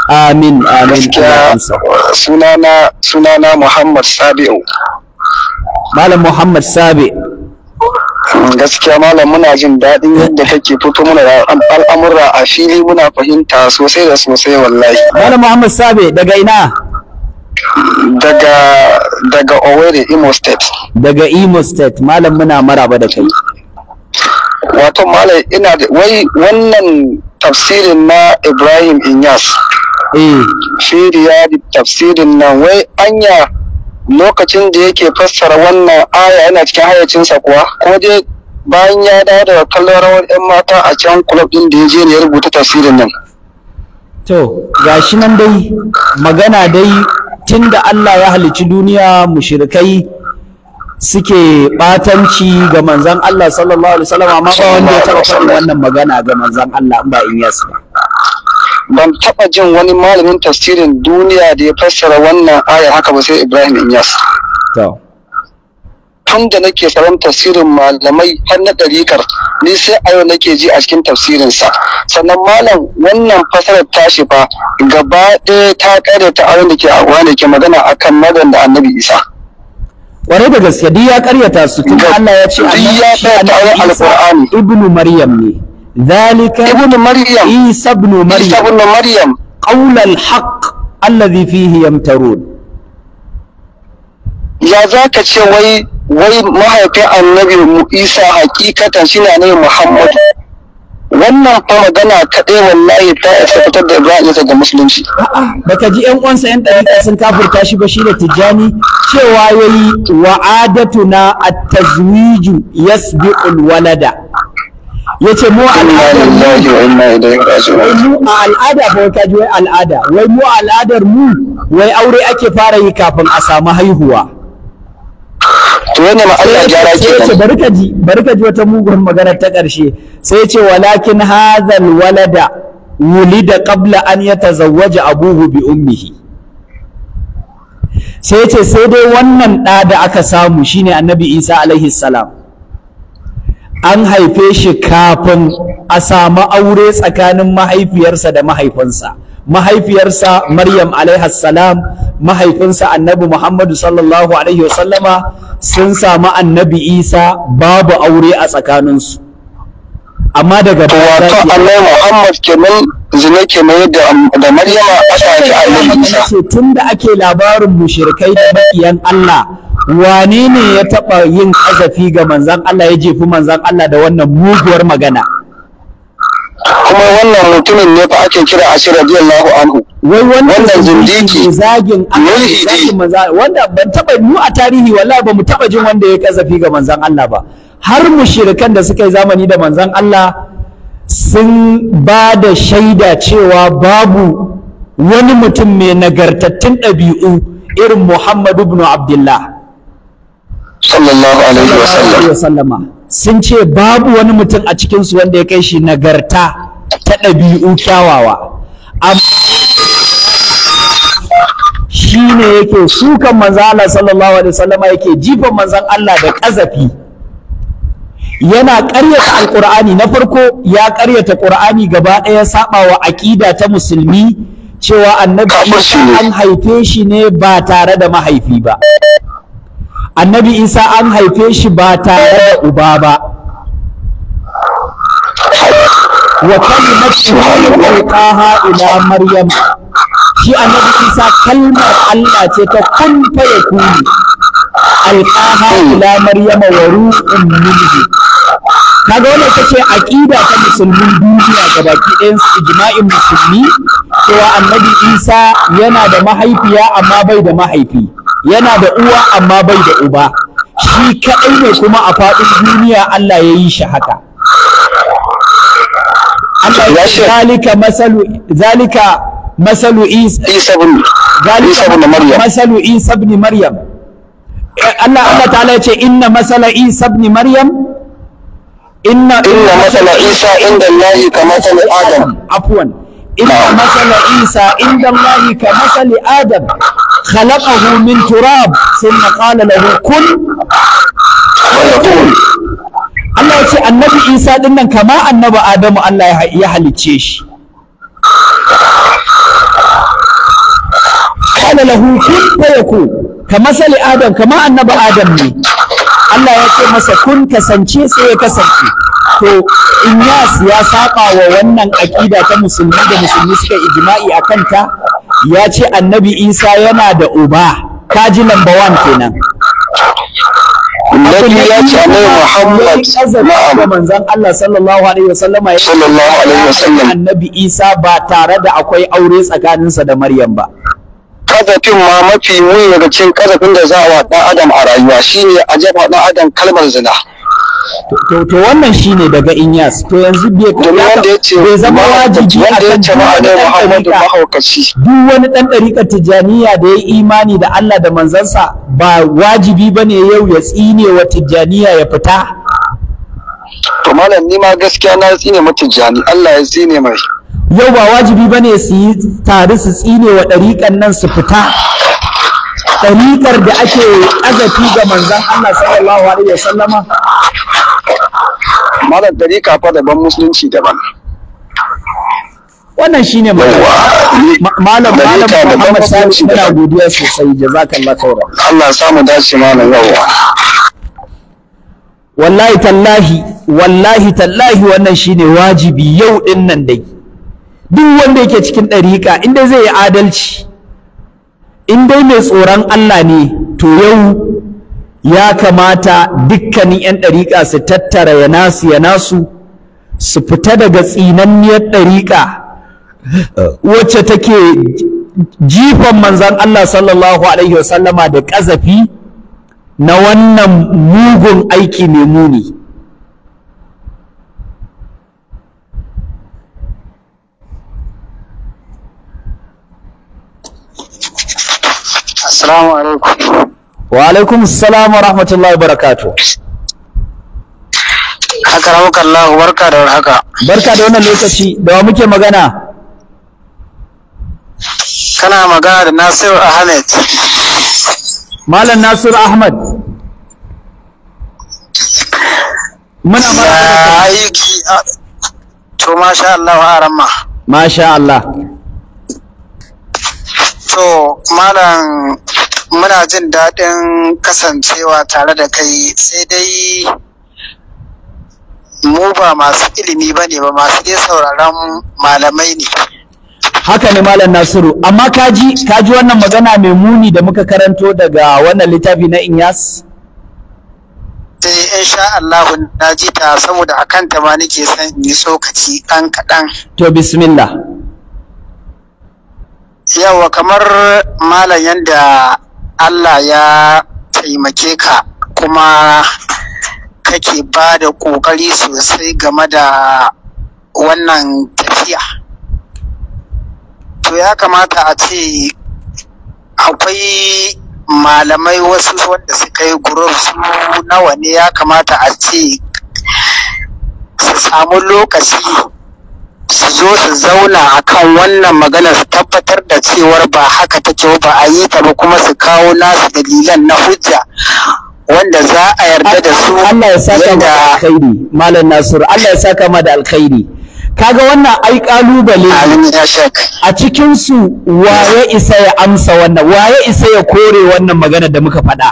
amin amin sunana sunana Muhammad Sabi'u Malam Muhammad Sabi hmm, gaskiya malam muna jin daɗin yadda kake fito muna da al'amura a fili muna fahimta sosai da sosai wallahi malam Muhammad Sabi daga ina daga daga Owerri Imo State daga Imo State malam muna maraba da kai wato malam ina wai wannan tafsirin na Ibrahim Inyas Eh. ya riyadi tafsirin nan wai anya lokacin da yake fassara wannan aya yana cikin hayacinsa kuwa ko dai bayan ya dawo da kallon rawar 'yan mata a can kulob din da ya je ne ya rubuta tafsirin nan to shi nan dai magana dai tun da Allah ya halicci duniya mushrikai suke ɓatanci ga manzan Allah sallallahu alaihi wasallam amma ba wanda ya taba faɗin wannan magana ga manzan Allah in ba in yasu ba ban taba jin wani malamin tafsirin duniya da ya fassara wannan aya haka ba sai Ibrahim Inyas. Tun da nake tsaron tafsirin malamai har na ɗariƙar, ni sai a yau nake ji a cikin tafsirinsa. Sannan malam wannan fasarar tashi ba gaba ɗaya ta ƙaryata abin da ke a ke magana akan magan da annabi Isa. Ware da gaske duk ya ƙaryata su tun Allah ya ce annabi Isa ibnu Maryam ne. ذلك ابن Maryam, Isa ابن Maryam, عيسى ابن مريم قول الحق الذي فيه يمترون يا ذاك تشوي wai mahaifin annabi mu isa hakikatan shi ne muhammadu wannan fa magana kaɗai wallahi ta isa fitar da ra'ayinsa ga musulunci baka ji yan uwansa yan ɗariƙa sun kafurta shi ba shi da tijjani cewa yayi wa'adatuna at-tazwiju yasbiqul walada ya ce mu al'adar mu a al'ada ba wata ji wai al'ada wai mu al'adar mu wai aure ake fara yi kafin a samu haihuwa to wannan ma Allah jara ke ce bari ka ji bari ka ji wata mugun magana ta karshe sai ya ce walakin hadhal walada wulida qabla an yatazawwaja abuhu bi ummihi sai ya ce sai dai wannan ɗa da aka samu shine annabi Isa alaihi salam an haife shi kafin a samu aure tsakanin mahaifiyarsa da mahaifinsa mahaifiyarsa maryam salam mahaifinsa annabi muhammadu sallallahu alaihi wasallama sun samu annabi isa babu aure a tsakaninsu amma daga baya wato annabi muhammad kenan zina kenan da maryama aka haifi annabi isa tunda ake labarin mushrikai da makiyan allah wane ne ya taɓa yin ƙazafi ga manzan Allah ya jefi manzan Allah da wannan muguwar magana kuma wannan mutumin ne fa ake kira biyan lahu anhu wai wannan zindiki zagin zagin wanda ban taɓa mu a tarihi wala ba mu taɓa jin wanda ya ƙazafi ga manzan Allah ba har mushirikan da suka yi zamani da manzan Allah sun ba da shaida cewa babu wani mutum mai nagartattun ɗabi'u irin Muhammadu ibn Abdullah sallallahu alaihi wa sun ce babu wani mutum a cikin su wanda ya kai shi nagarta ta ɗabi'u kyawawa shi ne yake sukan manzan Allah sallallahu alaihi wasallama yake jifan manzan Allah da ƙazafi yana ƙaryata alƙur'ani na farko ya ƙaryata ƙur'ani gaba ɗaya saɓa wa aƙida ta musulmi cewa annabi an haife shi ne ba tare da mahaifi ba annabi isa an haife shi ba tare da uba ba wa kalimatu alqaha ila maryam shi annabi isa kalmar allah ce ta kun fa yakuni alqaha ila Maryam wa ruhun minhu kaga wannan ita ce aqida ta musulmin duniya ga baki ɗayan su ijma'in musulmi cewa annabi isa yana da mahaifiya amma bai da mahaifi yana da uwa amma bai da uba shi kaɗai ne kuma a faɗin duniya Allah ya yi shi haka Allah ya ce zalika masalu zalika masalu Isa ibn zalika masalu Isa ibn Maryam Allah Allah ta'ala ya ce inna masala Isa ibn Maryam inna inna masala Isa inda Allah ka masala Adam afwan inna masala Isa inda Allah ka masala Adam خلقه من تراب ثم قال له كن ويقول Allah ya ce annabi Isa ɗinnan nan kama annabi Adamu Allah ya halicce shi qala lahu kun fayakun kama sali Adam kama annabi Adam ne Allah ya ce masa kun kasance sai ya kasance to in ya saba wa wannan aƙida ta musulmi da musulmi suka ijma'i akan ta ya ce annabi isa yana da uba kaji number one kenan Nabi ya ce Annabi Muhammad na'am manzon Allah sallallahu alaihi wasallam ya sallallahu alaihi wasallam annabi Isa ba tare da akwai aure tsakaninsa da Maryam ba kazafin ma mafi muni daga cikin kazafin da za a wa dan adam a rayuwa shine a jefa dan adam kalmar zina to wannan shine daga inyas to yanzu bai zama wajibi a kan duk wani ɗan ɗariƙar tijjaniya da ya yi imani da Allah da manzansa ba wajibi ba ne yau ya tsine wa tijjaniya ya fita to malam ni ma gaskiya na tsine ma tijjani Allah ya tsine mai yau ba wajibi ba ne su yi tare su tsine wa ɗariƙan nan su fita ɗariƙar da ake azafi ga manzan Allah sallallahu alaihi wasallama malam tarika fa daban musulunci daban wannan shine malam malam Muhammad godiya sosai jazakallahu khairan Allah ya samu dace malam yawa wallahi tallahi wallahi tallahi wannan shine wajibi yau din nan dai duk wanda yake cikin ɗarika inda zai yi adalci in dai mai tsoron Allah ne to yau ya kamata dukkanin 'yan ɗariƙa su tattara ya nasu ya nasu su fita daga tsinanniyar ɗariƙa wacce take jifan manzan Allah sallallahu alaihi wasallama da ƙazafi na wannan mugun aiki mai muni Assalamu alaikum wa alaikum salamu wa rahmatullahi barakatu akaramaka Allah barka da haka. barka da wannan lokaci da wa muke magana kana magana da Nasiru Ahmed Malam Nasiru Ahmed muna magana aiki to masha Allah wa arama masha Allah to malam muna jin daɗin kasancewa tare da kai sai dai mu ba masu ilimi ba ne ba masu dai sauraron malamai ne haka ne malam nasiru amma kaji kaji wannan magana mai muni da muka karanto daga wannan littafi na inyas eh sha Allah na ji ta saboda a kanta ma nake son in yi tsokaci ɗan kaɗan to bismillah Yawwa kamar malam yanda Allah ya taimake ka kuma kake ba da ƙoƙari sosai game da wannan tafiya to ya kamata a ce akwai malamai wasu wanda suka yi su nawa ne ya kamata a ce su samu lokaci su zo su zauna a kan wannan magana su tabbatar da cewar ba haka take ba a yi ta ba kuma su kawo nasu dalilan na hujja wanda za a yarda da su Allah ya saka da alkhairi malam Nasiru Allah ya saka ma da alkhairi kaga wannan ai kalubale a cikin su waye isa ya amsa wannan waye isa ya kore wannan magana da muka faɗa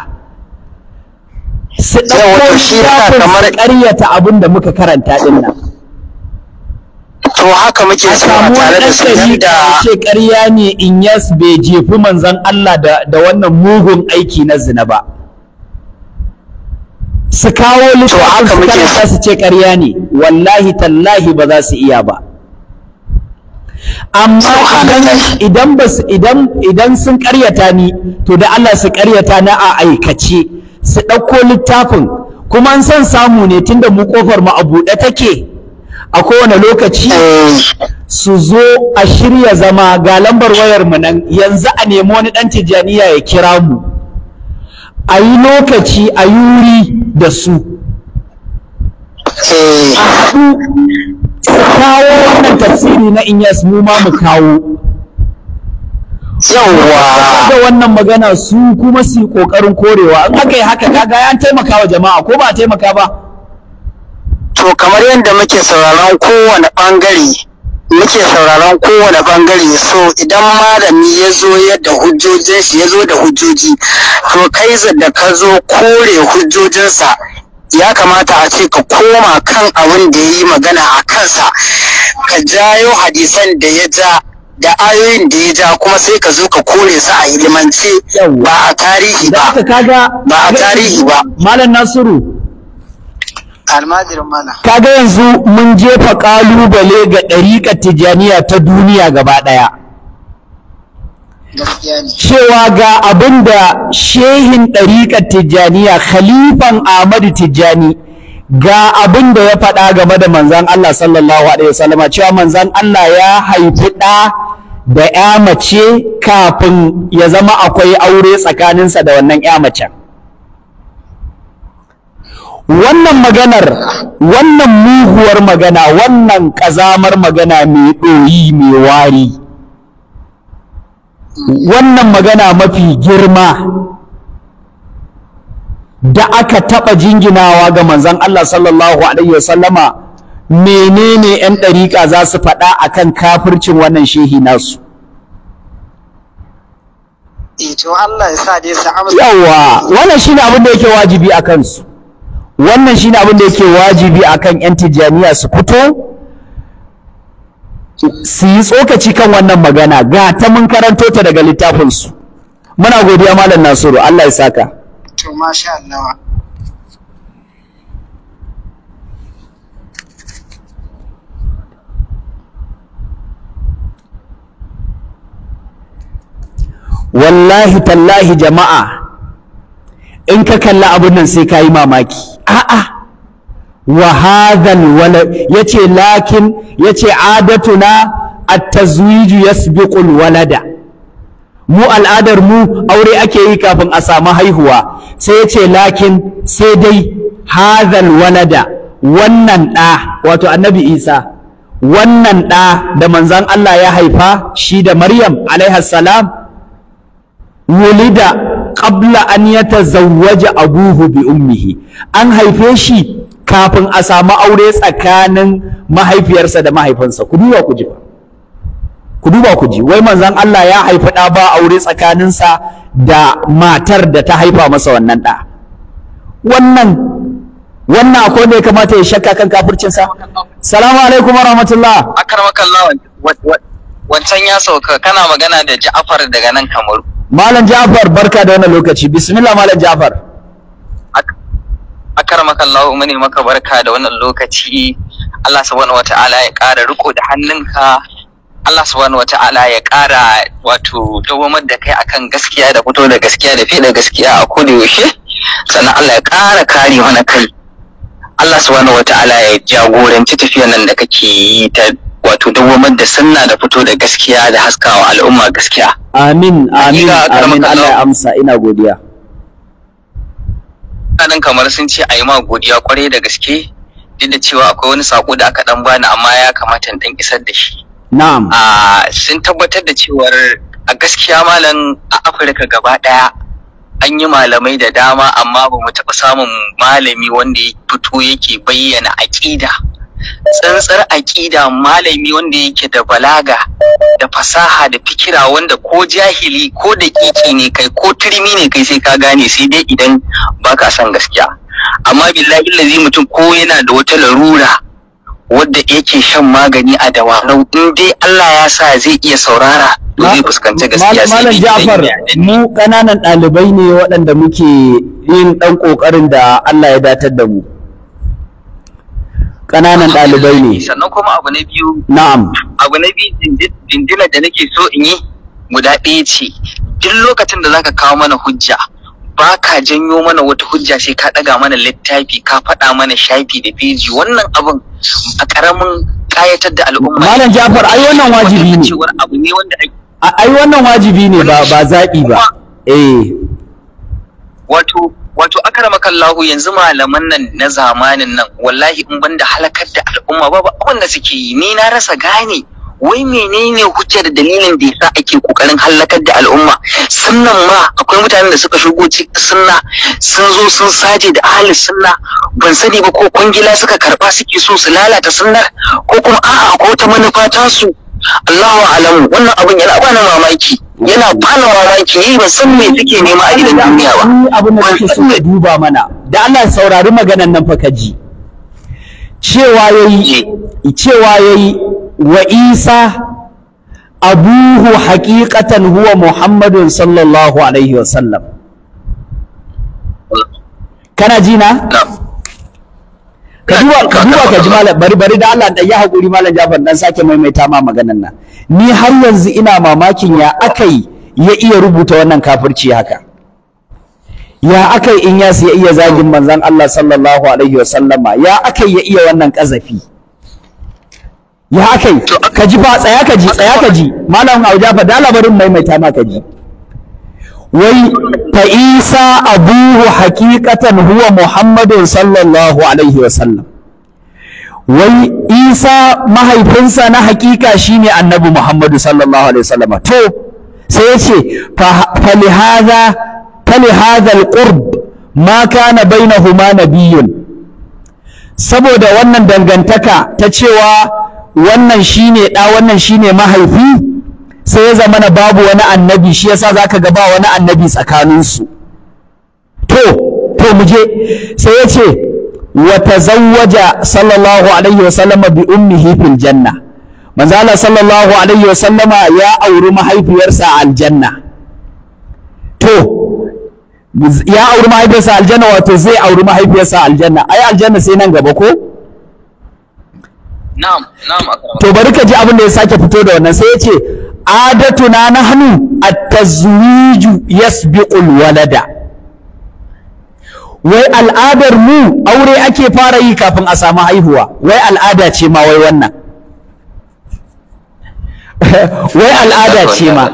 su ɗauko shi kamar ƙaryata abin da muka karanta ɗin nan to haka muke so a tare da su da ce ƙarya ne in yas bai jefi manzon Allah da da wannan mugun aiki na zina ba su kawo littafin muke karanta su ce ƙarya ne wallahi tallahi ba za su iya ba amma idan idan idan sun karyata ni to da Allah su karyata na a aikace su ɗauko littafin kuma an san samu ne tunda mu kofar mu a buɗe take a kowane lokaci su zo a shirya zama ga lambar wayar mu nan yanzu a nemi wani dan tijaniya ya kira mu a yi lokaci a yuri da su a haɗu su kawo wannan tafsiri na inyas mu ma mu kawo da wannan magana su kuma su yi ƙoƙarin korewa in aka yi haka kaga ya taimaka wa jama'a ko ba a taimaka ba to kamar yadda muke sauraron kowane bangare muke sauraron kowane bangare so idan malami ya zo yadda hujjojin shi ya zo da hujjoji to kai da ka zo kore hujjojinsa ya kamata a ce ka koma kan abin da ya yi magana a kansa ka jayo hadisan da ya ja da ayoyin da ya ja kuma sai ka zo ka kore su a ilimance ba a tarihi ba ba a tarihi ba malam nasiru almajirin mana kaga yanzu mun jefa kalubale ga ɗariƙar tijaniya ta duniya gaba ɗaya cewa ga abin da shehin ɗariƙar tijjaniya khalifan ahmadu tijjani ga abin da ya faɗa game da manzan Allah sallallahu alaihi wasallama cewa manzan Allah ya haifi ɗa da ya mace kafin ya zama akwai aure tsakaninsa da wannan ya macen wannan maganar wannan muguwar magana wannan ƙazamar magana mai ɗoyi mai wari wannan magana mafi girma da aka taɓa jinginawa ga manzon Allah sallallahu alaihi wasallama menene ƴan ɗariƙa za su faɗa akan kafircin wannan shehi nasu eh, to Allah ya sa dai su amsa yawa wannan shine abin da yake wajibi a kansu wannan shine abin da yake wajibi akan yan tijaniya su fito su yi tsokaci kan wannan magana ga ta mun karanto ta daga littafinsu muna godiya malam nasiru allah ya saka wallahi tallahi jama'a in ka kalla abin nan sai ka yi mamaki a'a wa hadhal walad ce, lakin yace adatuna at-tazwiju yasbiqul walada mu al'adar mu aure ake yi kafin a samu haihuwa sai ce lakin sai dai hadhal walada wannan ɗa wato annabi Isa wannan ɗa da manzon Allah ya haifa shi da Maryam alaiha salam wulida qabla an yatazawwaja abuhu bi ummihi an haife shi kafin a samu aure tsakanin mahaifiyarsa da mahaifinsa ku duba ku ji ku duba ku ji wai manzon Allah ya haifi ɗa ba aure tsakaninsa da matar da ta haifa masa wannan ɗa wannan wannan akwai da ya kamata ya shakka kan kafircinsa salamu alaikum wa rahmatullah akarmakallah wancan ya sauka kana magana da ja'afar daga nan kamaru Malam Ja'far barka da wannan lokaci. Bismillah Malam Ja'far. Akarmaka Allah umani maka barka da wannan lokaci. Allah subhanahu ta'ala ya ƙara riko da hannunka. Allah subhanahu ta'ala ya ƙara wato dawamar da kai akan gaskiya da fito da gaskiya da fiye gaskiya a koda yaushe. Sannan Allah ya ƙara kare mana kai. Allah subhanahu ta'ala ya jagoranci tafiyar nan da kake yi ta wato dawamar da sunna da fito da gaskiya da haskawa al'umma gaskiya amin amin amin Allah ya amsa ina godiya mutanen kamar sun ce a yi ma godiya kwarai da gaske duk cewa akwai wani sako da aka dan bani amma ya kamata dan isar da shi na'am a sun tabbatar da cewar a gaskiya malam a Afirka gaba daya an yi malamai da dama amma ba mu taɓa samun malami wanda ya fito yake bayyana aƙida tsantsar aƙida malami wanda yake da balaga da fasaha da fikira wanda ko jahili ko daƙiƙi ne kai ko turmi ne kai sai ka gane sai dai idan ba ka san gaskiya amma billahi lazi mutum ko yana da wata larura wadda yake shan magani a dawanau in dai Allah ya sa zai iya saurara zai fuskanci gaskiya sai Malam Ja'far mu ƙananan ɗalibai ne waɗanda muke yin ɗan ƙoƙarin da Allah ya datar da mu Kananan ɗalibai ne sannan kuma abu na biyu na'am abu na biyu dindina da nake so in yi guda ɗaya ce duk lokacin da zaka kawo mana hujja ba ka janyo mana wata hujja sai ka ɗaga mana littafi ka faɗa mana shafi da feji wannan abin a ƙaramin ƙayatar da al'umma malam jafar ai wannan wajibi ne abu ne wanda ai wannan wajibi ne ba ba zaɓi ba eh wato wato kan lahu, yanzu malaman nan na zamanin nan wallahi in banda halakar da al'umma babu abin da suke yi ni na rasa gane wai menene hujjar da dalilin da yasa ake kokarin halakar da al'umma Sunan ma akwai mutanen da suka shigo cikin sunna sun zo sun saje da ahli sunna ban sani ba ko kwangila suka karba suke so su lalata sunnar ko kuma a'a ko ta manufa tasu Allahu a'lamu wannan abin yana na mamaki yana bani mamaki yi ba san me suke nema a gidan duniya ba abin da nake so ka duba mana da Allah saurari maganan nan fa ka ji cewa yayi cewa yayi wa Isa abuhu haqiqatan huwa Muhammadun sallallahu alaihi wasallam kana ji na ka duba ka duba ka ji malam bari bari da Allah dan ya hakuri malam Jafar dan sake maimaita ma maganan nan ni har yanzu ina mamakin ya akai ya iya rubuta wannan kafirci haka ya akai in ya ya iya zagin manzon Allah sallallahu alaihi wasallama ya akai ya iya wannan kazafi ya akai ka ji ba tsaya ka ji tsaya ka ji malam Abu Jafar da labarin maimaita ma ka ji wai da isa abuhu hakikatan huwa Muhammadu sallallahu alaihi wasallam wai isa mahaifinsa na hakika shine annabi muhammadu sallallahu alaihi wasallam to sai ce falihadha falihadha alqurb ma kana na nabiyun saboda wannan dangantaka ta cewa wannan shine ɗa wannan shine mahaifi sai ya zama na babu wani annabi shi yasa zaka ga ba wani annabi tsakaninsu to to mu je sai ya ce wa tazawwaja sallallahu alaihi wasallama bi ummihi fil janna manzo Allah sallallahu alaihi wasallama ya auri mahaifiyarsa a aljanna to ya auri mahaifiyarsa aljanna wato zai auri mahaifiyarsa aljanna ai aljanna sai nan gaba ko na'am na'am to bari ka ji abin da ya sake fito da wannan sai ya ce adatuna nahnu at-tazwiju yasbiqul walada wai al'adar mu aure ake fara yi kafin a samu haihuwa wai al'ada ce ma wai wannan wai al'ada ce ma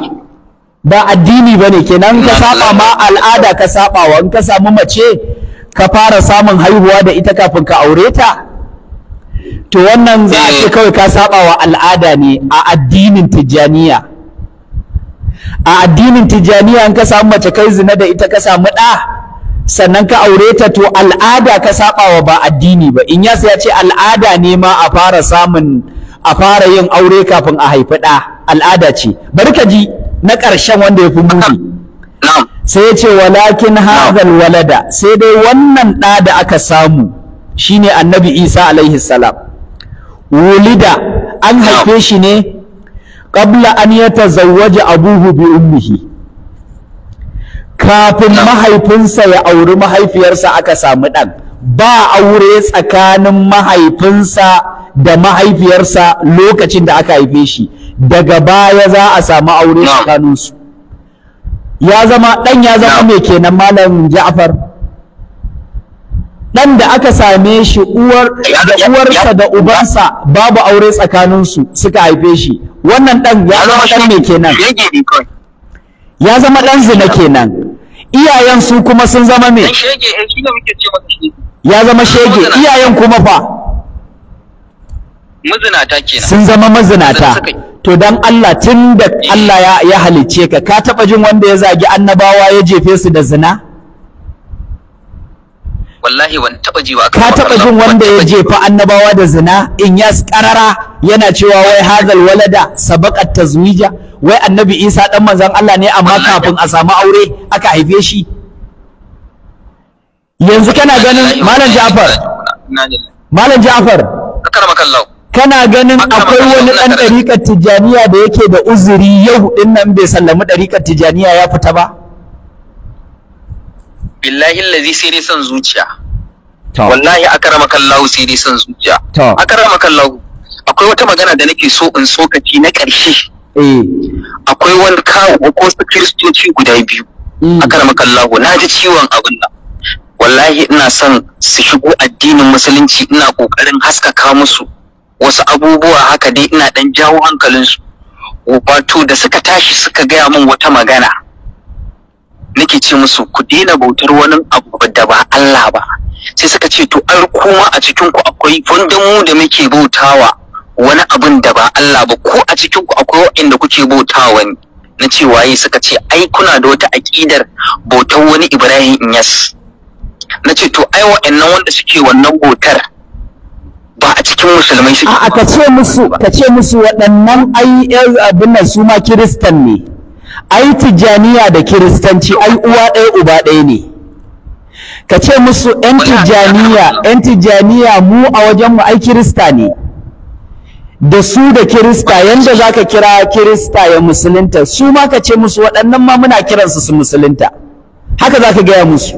ba addini ba ne. kenan ka saba ma al'ada ka saba wa in ka samu mace ka fara samun haihuwa da ita kafin ka aure ta to wannan za a ce eh. kawai ka saba wa al'ada ne a addinin tijjaniya a addinin tijjaniya an ka samu mace kai zina da ita ka samu ɗa sannan ka aure ta to al'ada ka saba wa ba addini ba in yasa ya ce al'ada ne ma a fara samun a fara yin aure kafin a haifi ɗa al'ada ce bari ka ji na ƙarshen wanda ya fi muni sai ya ce walakin hadal walada sai dai wannan ɗa da aka samu shine annabi isa alaihi salam wulida an haife shi ne ƙabla an yatazawwaja abuhu bi ummihi kafin mahaifinsa ya auri mahaifiyarsa aka samu ɗan ba aure tsakanin mahaifinsa da mahaifiyarsa lokacin da aka haife shi daga baya za a samu aure tsakaninsu ya zama ɗan ya zama mai kenan malam ja'far ɗan da aka same shi uwarsa da ubansa babu aure tsakaninsu suka haife shi wannan ɗan ya zama ɗan ne kenan ya zama ɗan zina kenan iyayen su kuma sun zama me eh, ya zama shege iyayen kuma fa mazinata kenan sun zama mazinata to dan Allah tun da Allah ya halicce ka ka taɓa jin wanda ya zagi annabawa ya jefe su da zina wallahi ban taba jiwa ba ka taba jin wanda ya jefa annabawa da zina in ya karara yana cewa wai hadal walada sabaqat tazwija wai annabi Isa dan manzon Allah ne amma kafin a samu aure aka haife shi yanzu kana ganin malam Ja'far malam Ja'far kana ganin akwai wani dan dariƙar tijaniya da yake da uzuri yau din nan bai sallami dariƙar tijaniya ya fita ba billahi allazi sai dai son zuciya wallahi akramaka Allah sai dai son zuciya akramaka Allah akwai wata magana da nake so in sokaci na ƙarshe eh. akwai wani kawo ko su kiristoci guda biyu mm. akramaka Allah na ji ciwon abin nan wallahi ina son su shigo addinin musulunci ina kokarin haskaka musu wasu abubuwa haka dai ina dan jawo hankalinsu wato da suka tashi suka gaya min wata magana nake ce musu ku daina bautar wani abu da ba Allah ba sai suka ce to ai kuma a cikin ku akwai wanda mu da muke bautawa wani abin da ba Allah ba ko a cikin ku akwai waɗanda kuke bautawa ne na ce waye suka ce ai kuna da wata aƙidar bautar wani Ibrahim Inyas na ce to ai wa'annan wanda suke wannan bautar ba a cikin musulmai suke a ka ce musu ka ce musu waɗannan ai eh, abin nan su ma kiristan ne ai tijjaniya da kiristanci ai uwa ɗaya uba ɗaya ne ka ce musu 'yan tijjaniya 'yan tijjaniya mu a wajenmu ai kirista ne da su da kirista yadda za ka kira kirista ya musulunta su ma ka ce musu waɗannan ma muna kiransu su musulunta haka za ka gaya musu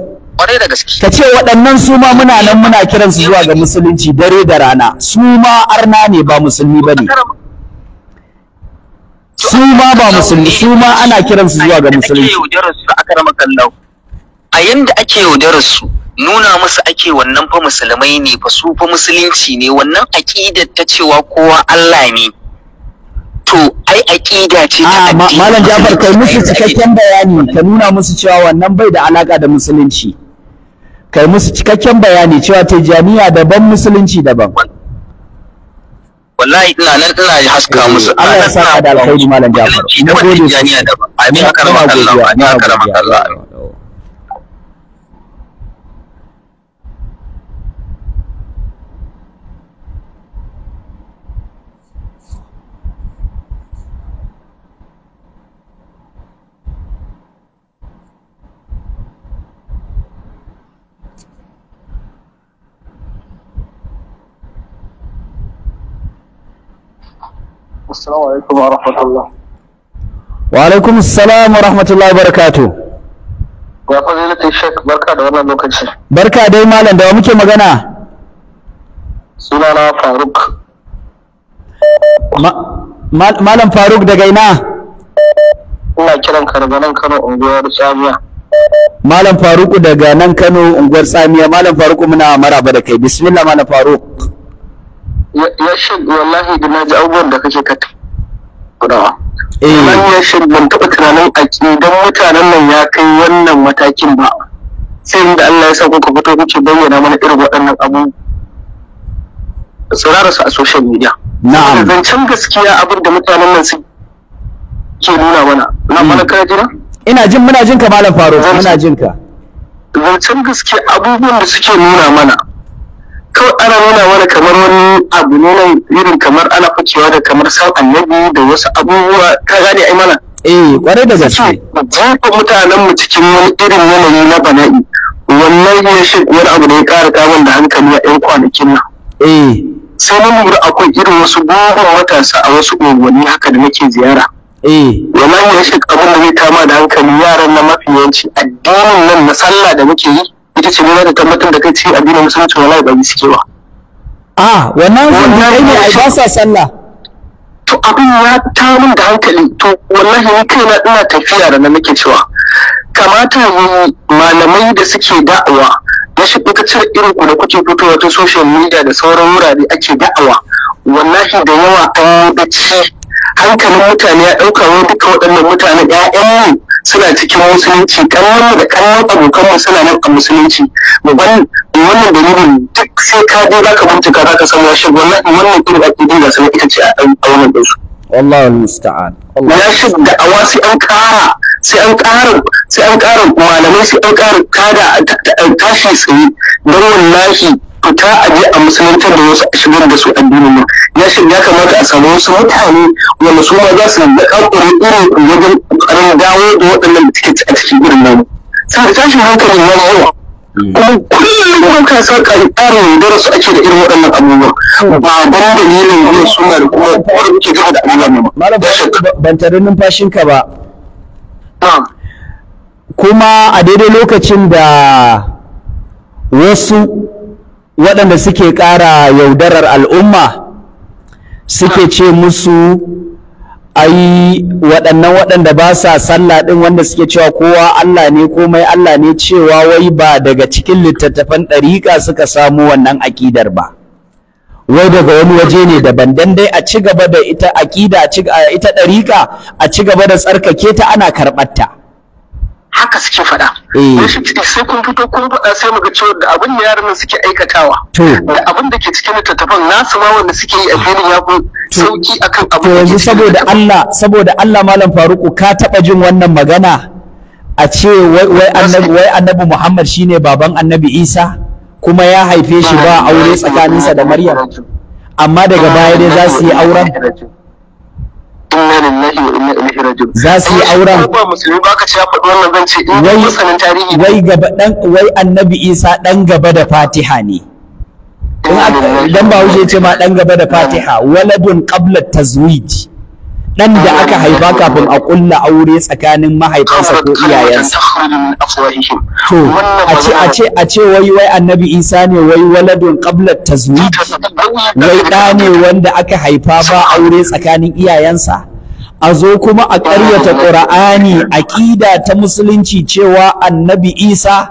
ka ce waɗannan su ma muna nan muna kiransu zuwa ga musulunci dare da rana su ma arna ne ba musulmi ba ne su ma ba musulmi su ma ana kiransu zuwa ga musulunci a yanda ake yaudarar su nuna musu ake wannan fa musulmai ne fa su fa musulunci ne wannan aqidar ta cewa kowa Allah ne to ai aqida ce ta addini malam Jafar kai musu cikakken bayani ka nuna musu cewa wannan bai da alaka da musulunci kai musu cikakken bayani cewa ta jami'a daban musulunci daban wallahi ina nan ina haska eh, musu Allah ya saka da alkhairi malam Jafar mun gode jami'a da ba. amin karama Allah amin karama Allah assalamu alaikum wa rahmatullah wa alaikum assalam wa rahmatullahi wa fadilatin shek barka da wannan lokaci barka dai malam da wa muke magana sunana faruk malam faruk daga ina ina kiran daga nan kano unguwar tsamiya malam faruk daga nan kano unguwar tsamiya malam faruk muna maraba da kai bismillah malam faruk ya shin wallahi da na ji abubuwan da kake ka tunawa eh. wannan ya shin ban taɓa tunanin aƙidan mutanen nan ya kai wannan matakin ba sai inda Allah ya sa kuka fito kuke bayyana mana irin waɗannan abu saurara su a social media na'am zancen gaskiya abin da mutanen nan su ke nuna mana na mana mm. kana jira ina jin muna jinka malam faro muna jinka. ka zancen gaskiya abubuwan da suke nuna mana kawai ana nuna mana kamar wani abu ne nan irin kamar ana ficewa da kamar san annabi da wasu abubuwa ka gane ai mana eh kwarai da gaske jefa mutanen mu cikin wani irin yanayi na bana'i, wannan ya shi wani abu da ya ƙara kawon da hankali a yan kwanakin nan eh sai na lura akwai irin wasu gogon matasa a wasu unguwanni haka da nake ziyara eh. Wannan ya shi abin da zai kama da hankali yaran na mafi yawanci addinin nan na sallah da muke yi ita ce nuna da tabbatar da kai ce addinin musulunci wallahi ba suke ba a wannan yi ne ai ba sa sallah to abin ya ta mun da hankali to wallahi ni kaina ina tafiya da na nake cewa kamata yi malamai da suke da'awa na shi lokacin irin ku da kuke fitowa ta social media da sauran wurare ake da'awa wallahi da yawa an yi bacci hankalin mutane ya ɗauka wani duka waɗannan mutane 'ya'yan ne suna cikin musulunci kanmu da kanmu abokanmu suna nan a musulunci babban wannan dalilin duk sai ka je ka bincika zaka san washe wannan wannan irin akidin da sanin ita ce a wannan dinsu wallahi musta'an ya shiga a wasu an kara sai an ƙara sai an ƙara malamai sai an ƙara kada tashi tsaye don wallahi fita a je a musulunta da wasu a shigar da su addinin mu ya shi ya kamata a samu wasu mutane wanda su ma za su da kakuri irin wajen karin dawo da waɗannan da suke a cikin irin nan sai tashin hankali ya yawa kuma kullum ban ka sa ƙarin da su ake da irin waɗannan abubuwa ba ban dalilin wani suna da kuma kowar muke gaba da abubuwan ba. Malam ban tare numfashinka ba. Ah. Kuma a daidai lokacin da wasu waɗanda suke ƙara yaudarar al'umma suke ce musu ai waɗannan waɗanda ba sa sallah ɗin wanda suke cewa kowa Allah ne komai Allah ne cewa wai ba daga cikin littattafan ɗariƙa suka samu wannan aƙidar ba wai daga wani waje ne daban dan dai a ci gaba da ita aƙida ita ɗariƙa a ci gaba da tsarkake ta ana karɓar ta haka suke faɗa. Rashin eh. ciki sai kun fito kun faɗa sai mu ga cewa da abin da yaran suke aikatawa. Da abin da ke cikin littattafan nasu ma wanda suke yi a filin ya ku sauki akan abin da yanzu saboda Allah saboda Allah malam Faruku ka taɓa jin wannan magana a ce wai annabi wai annabi Muhammad shine baban annabi Isa kuma ya haife shi ba aure tsakaninsa da Maryam amma daga baya dai za su yi auren za su yi auren ya ce eh, wai wai gaba dan wai annabi isa dan gaba da fatiha ne dan ba wuce ce ma dan gaba da fatiha waladun qabla tazwij dan da aka haifa kafin a kulla aure tsakanin mahaifansa ko iyayensa to a ce a ce a ce wai wai annabi isa ne wai waladun qabla tazwij wai da ne wanda aka haifa ba aure tsakanin iyayensa a zo kuma a ƙaryata ƙura'ani aƙida ta musulunci cewa annabi isa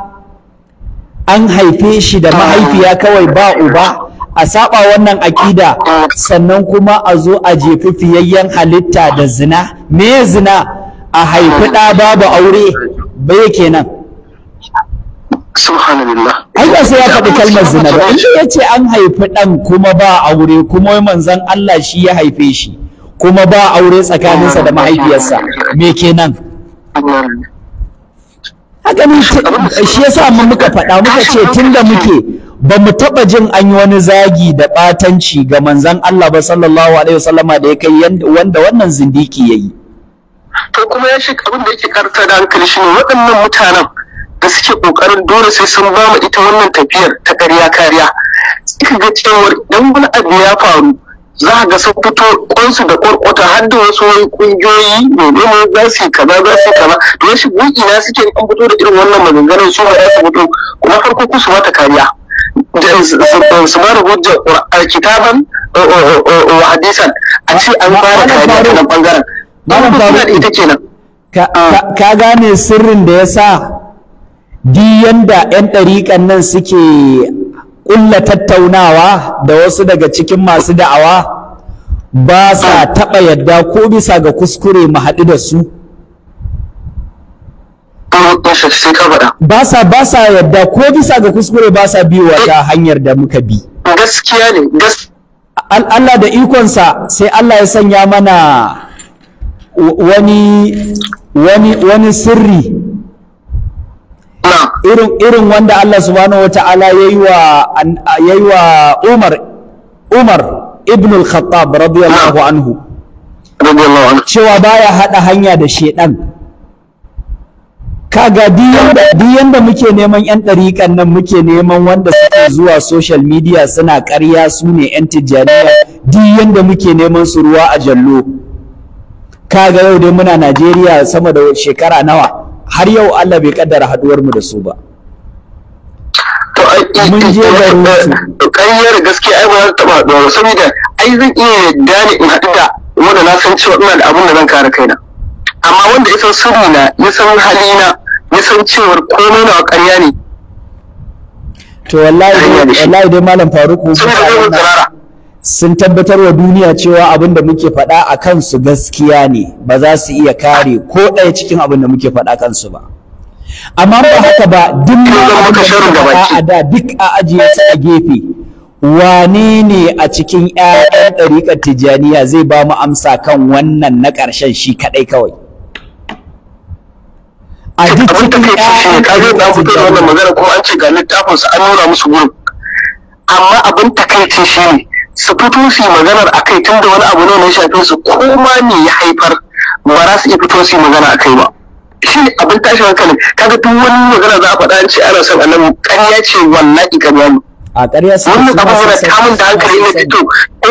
an haife shi da mahaifiya kawai ba uba a saba wannan akida sannan kuma a zo a jefi fiyayyen halitta da zina me zina a haifi ɗa babu aure bai kenan subhanallah ai ba sai ya faɗi kalmar zina ba in ya ce an haifi ɗan kuma ba aure kuma wai manzon Allah shi ya haife shi kuma ba aure tsakaninsa da mahaifiyarsa me kenan haka ne shi yasa mun muka faɗa muka ce tunda muke ba mu taɓa jin an yi wani zagi da ɓatanci ga manzan Allah ba sallallahu alaihi wasallama da ya kai wanda wannan zindiki ya yi. To kuma ya shi abin da yake karta da hankali shi ne waɗannan mutanen da suke ƙoƙarin dole sai sun ba mu ita wannan tafiyar ta ƙarya kariya. Suka ga cewa idan wani abu ya faru za a ga sun fito ƙwansu da ƙwarƙwata har da wasu wani ƙungiyoyi mai neman za su yi kaza za su yi kaza to shi na suke an fito da irin wannan maganganun su ba za su fito kuma farko su mata kariya. su ba da hujjar kitaban wa hadisan a ce an fara da kariya ta bangaren babu suna ita kenan ah. ka gane sirrin da ya sa diyan da 'yan ɗariƙan nan suke ƙulla tattaunawa da wasu daga cikin masu da'awa ba sa ah. taɓa yadda ko bisa ga kuskure mu haɗu da su ba sa ba sa yadda ko bisa ga kuskure ba sa biyowa wata hanyar da muka bi gaskiya ne Allah da ikonsa sai Allah ya sanya mana wani wani wani sirri irin irin wanda Allah subhanahu wataala yayi wa yayi wa Umar Umar ibn al-Khattab radiyallahu anhu radiyallahu anhu cewa baya hada hanya da shedan kaga di yanda muke neman yan ɗariƙan nan muke neman wanda suke zuwa social media suna ƙarya su ne yan tijjaniya di yanda muke neman su ruwa a jallo kaga yau dai muna najeriya sama da shekara nawa har yau allah bai kaddara haduwar mu da su ba mun je garin su ƙaryar gaske ai ba ta ba don saboda ai zan iya yadda ne in haɗu da wanda na san cewa ina da abin da zan kare kaina amma wanda ya san sirrina ya san halina ya san cewar komai na ƙarya ne to wallahi dai malam sun tabbatar wa duniya cewa abin da muke faɗa a kansu gaskiya ne ba za su iya kare ko ɗaya cikin abin da muke faɗa kansu ba amma ba haka ba duk ma a da duk a ajiye su a gefe wane ne a cikin 'ya'yan ɗariƙar tijjaniya zai ba mu amsa kan wannan na ƙarshen shi kaɗai kawai a duk cikin ya ka zo na fito da wannan magana ko an ce ga littafin su an nuna musu gurin amma abin takaici shi ne su fito su yi maganar akai tun da wani abu ne na shafe su ko ma ne ya haifar ba za su iya fito su yi magana kai ba shi abin tashin hankali kaga duk wani magana za a faɗa an ce ana son annabi ƙarya ce wallahi ƙarya ne a ƙarya su wannan abu yana tamun da hankali na fito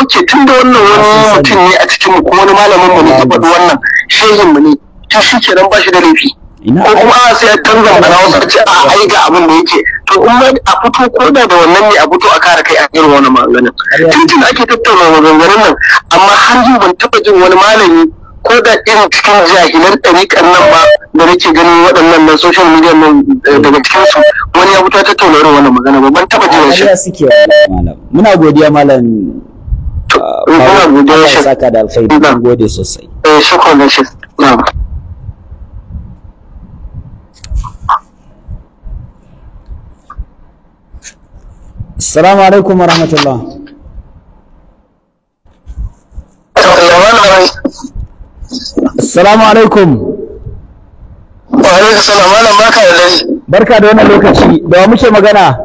oke tun da wannan wani mutum ne a cikin mu ko wani malamin mu ne ya faɗi wannan shehin mu ne tun shi kenan ba shi da laifi ko kuma a sai kan zambana wasu ce a ai ga abin da yake to in ma a fito ko da da wannan ne a fito a kare kai a irin wannan maganganun tuntun ake tattauna maganganun nan amma har yau ban taɓa jin wani malami ko da irin cikin jahilan ɗariƙan nan ba da nake ganin waɗannan na social media nan eh, daga cikin su wani ya fito tattauna irin wannan magana ba ban taɓa jin shi muna godiya malam muna ah, godiya shi saka da alkhairi gode sosai eh shukran shi na'am Assalamu alaikum wa rahmatullah. alaikum. Wa alaikum salam malam barka da dai. Barka da wannan lokaci. Da wa muke magana?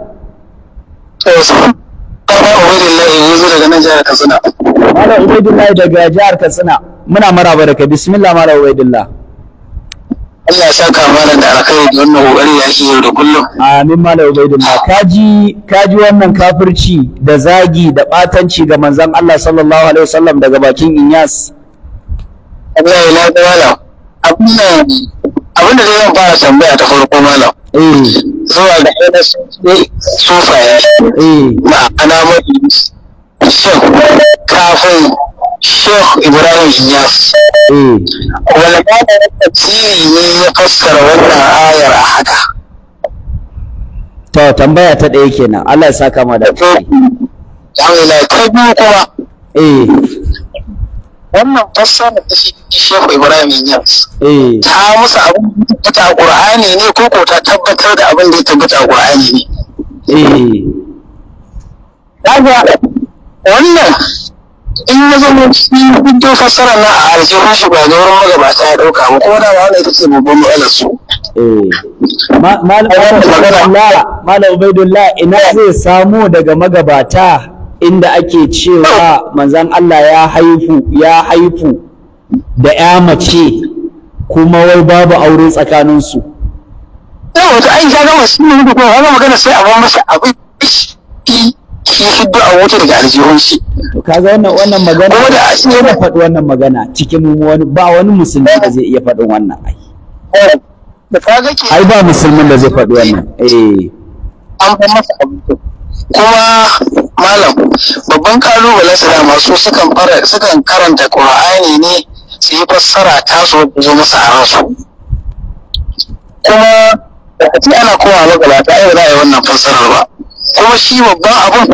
Eh, malam Ubaidullahi daga jihar Katsina. Muna maraba da ka. Bismillah Malam Ubaidullah. Allah ya saka mana da alkhairi da wannan kokari da ake yau da kullum. Amin Malam Ubaidullah. Ah. Kaji kaji wannan kafirci da zagi da batanci ga manzon Allah sallallahu alaihi wasallam daga bakin Inyas. Allah ya lafiya malam. Abin da abin da zan fara tambaya ta farko malam. Eh. Zuwa ga ainihin sufaye. Eh. Ma'ana mafi shin kafin Sheikh Ibrahim Iyas. Eh. Wani malamin tafsiri ne ya fassara wannan ayar a haka. To tambaya ta ɗaya kenan Allah ya saka ma da kai. Alhamdulillah ta biyu kuma. Eh. Wannan fassara ta shi Sheikh Ibrahim Iyas. Eh. Ta musa abin da tabbata Qur'ani ne ko ko ta tabbatar da abin da ya tabbata a Qur'ani ne. Eh. Kaga wannan in ya zama cikin hujjo fassara na a aljihun shi ba da wurin magabata ya ɗauka ba ko da ba wanda ita ce babban matsalar su. Eh, Malam Ubaidullah ina zai samo daga magabata inda ake cewa oh. manzan Allah ya haifu ya haifu da ya mace kuma wai babu aure tsakaninsu. Yau wata aisha gama sun yi hudu kuma wani magana sai a ba masa abin shi hiddu a wuta daga aljihun shi kaga wannan wannan magana kuma da shi yana faɗi wannan magana cikin wani ba wani musulmi da zai iya faɗin wannan ai eh, da kaga ke ai ba musulmin da zai faɗi wannan eh an ba masa abu kuma malam babban kalubale su dama su sukan fara sukan karanta qur'ani ne su yi fassara ta su zo musu a ransu kuma da ana kowa magalata ai ba za a yi wannan fassarar ba kuma shi babban abun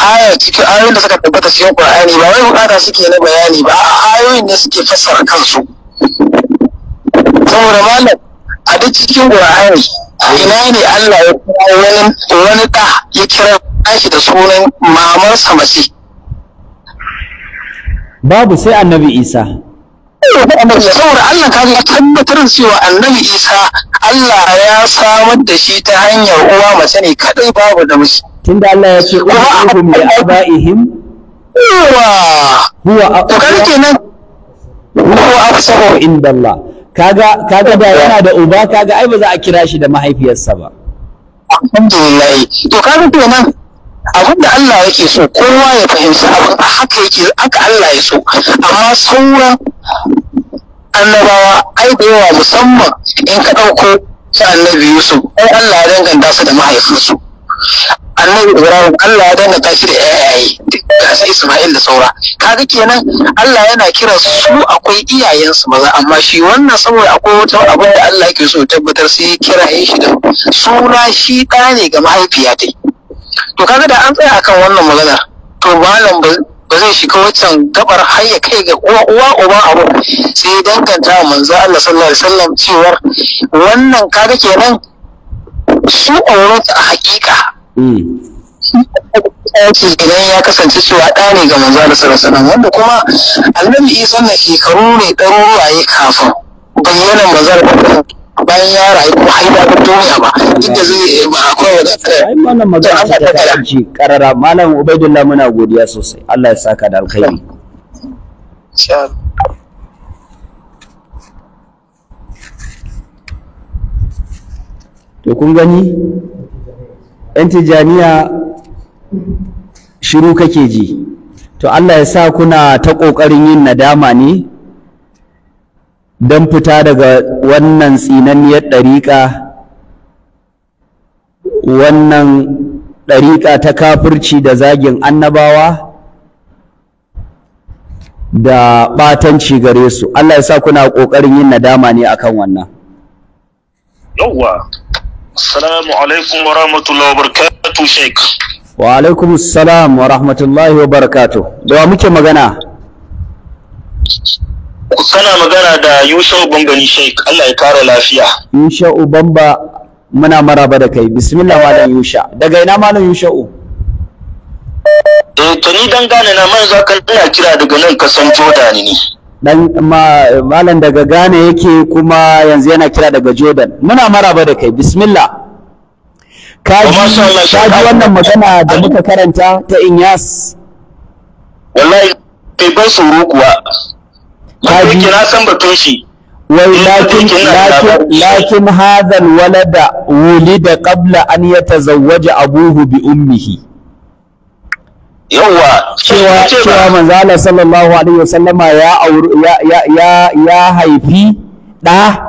aya cikin ayoyin da suka tabbata cikin Qur'ani ba wai bukata suke na bayani ba a ayoyin ne suke fassara kansu saboda malam a duk cikin Qur'ani ina ne Allah ya kuma wani wani da ya kira shi da sunan mamarsa mace babu sai annabi Isa saboda Allah ka ya tabbatar cewa annabi Isa Allah ya samar da shi ta hanyar uwa mace ne kadai babu da namiji tunda Allah ya ce ummahum bi abaihim huwa huwa to kar kenan huwa afsahu inda Allah kaga kaga da yana da uba kaga ai ba za a kira shi da mahaifiyarsa ba alhamdulillah to kaga kenan abin da Allah yake so kowa ya fahimci abin haka yake haka Allah ya so amma sauran annabawa ai da yawa musamman in ka ɗauko ta annabi Yusuf ai Allah ya danganta su da mahaifinsu annabi Ibrahim Allah ya danganta shi da yayaye ga sai Isma'il da saura kaga kenan Allah yana kira su akwai iyayensu maza amma shi wannan saboda akwai wata abin da Allah yake so tabbatar sai ya kira shi da suna shi ɗa ne ga mahaifiya to kaga da an tsaya akan wannan maganar to malam ba zai shiga waccan gabar har ya kai ga uwa uwa uba abu sai danganta manzo Allah sallallahu alaihi wasallam cewar wannan kaga kenan su aurensu a hakika hmm. idan ya kasance cewa ɗa ne ga manzo da sarasana wanda kuma annabi isa na shekaru ne ya kafin bayyanan manzo da bayan ya rayu ko haifa ta duniya ba duk da zai ba akwai wadatar wannan magana ta ji karara malam ubaidullah muna godiya sosai Allah ya saka da alkhairi to kun gani yan tijaniya shiru kake ji to Allah ya sa kuna ta ƙoƙarin yin nadama ne don fita daga wannan tsinanniyar ɗariƙa wannan ɗariƙa ta kafirci da zagin annabawa da ɓatanci gare su Allah ya sa kuna ƙoƙarin yin nadama ne akan wannan yawwa assalamu alaikum wa rahmatullahi wa barakatuh sheik wa alaikum assalam wa rahmatullahi wa barakatuh da wa muke magana kana magana da Yusuf Bambani Sheikh Allah ya kare lafiya Yusha uBamba muna maraba da kai bismillah malam Yusha daga ina malam Yusha u. eh to ni dan gane na man za ka ina kira daga nan kasan Jordan ne dan malam daga gane yake kuma yanzu yana kira daga Jordan muna maraba da kai bismillah Ka ji wannan magana da muka karanta ta Inyas wallahi kai ban kuwa kaji na san batun shi wai eh, lakin lakin lakin hadhal walada wulida qabla an yatazawwaja abuhu bi ummihi yawa cewa cewa manzo Allah sallallahu alaihi wasallama ya auri ya ya ya haifi da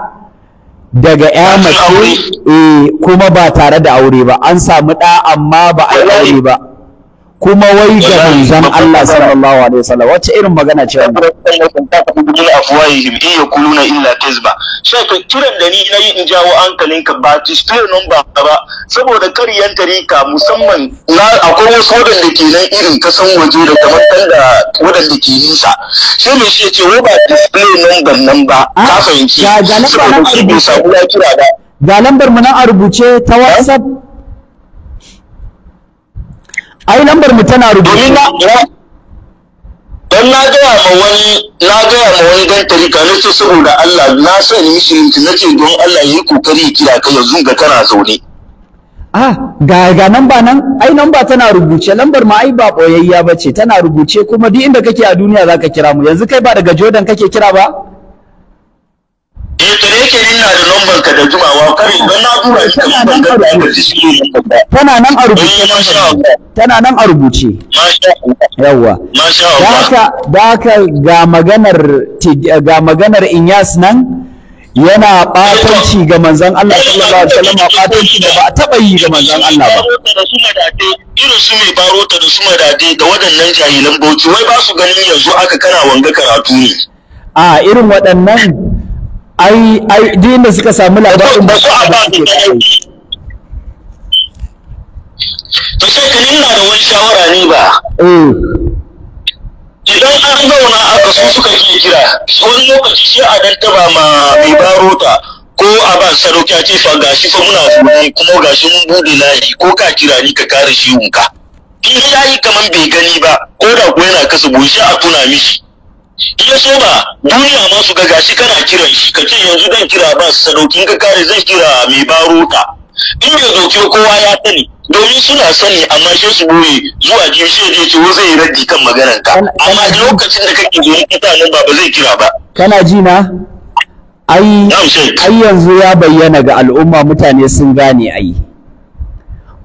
daga ya mace eh kuma ba tare da aure ba an samu da amma ba a aure ba kuma wai ga manzon Allah sallallahu alaihi wasallam wace irin magana ce wannan afwahihim in yaquluna illa kizba sai ka kiran da ni nayi in jawo ka ba display number ba saboda karyan tarika musamman na akwai wasu wadanda ke nan irin kasan waje da kamar da wadanda ke nisa shi ne shi yace wai ba display number nan ba ka fahimci ga lambar mu na a rubuce ta eh? WhatsApp ai lambar mu tana rubuce don na gaya ma wani na gaya ma wani dan tarika na ce saboda Allah na sani shi na ce don Allah yi kokari kira ka yanzu ga kana zaune ah ga ga ba nan ai namba tana rubuce lambar ma ai ba boyayya bace tana rubuce kuma duk inda kake a duniya zaka kira mu yanzu kai ba daga Jordan kake kira ba eh to yake nuna da numban ka da jimawa kare don na duba shi da numban ka da aka ci tana nan a rubuce eh, tana nan a rubuce yawa da haka da haka ga maganar ga maganar Inyas nan yana batanci ga manzon Allah sallallahu alaihi wasallam batanci da ba a taba yi ga manzon Allah ba irin su mai baro ta da su madade da waɗannan jahilan bauchi wai ba su ganin yanzu aka kana wanga karatu ne a irin waɗannan ai ai duk suka samu labarin ba su a ba da aiki to sai ka nuna da wani shawara ne ba eh. idan an zauna aka su suka ke kira wani lokaci shi a dattaba ma mai barota ko a ba sadauki a ce fa gashi fa muna zuwa kuma gashi mun bude layi ko ka kira ni ka kare shi wunka in yayi kaman bai gani ba ko da ko yana kasa bushi a tuna mishi ya so ba duniya ma su ga gashi kana kiran shi ka ce yanzu zan kira ba su sadauki ka kare zan kira mai barota in ya dauke kowa ya sani domin suna sani amma shi su boye zuwa jibi shi je ce zai raddi kan maganar ka amma lokacin da kake zuwa nan ba ba zai kira ba kana ji na ai ai yanzu ya bayyana ga al'umma mutane sun gane ai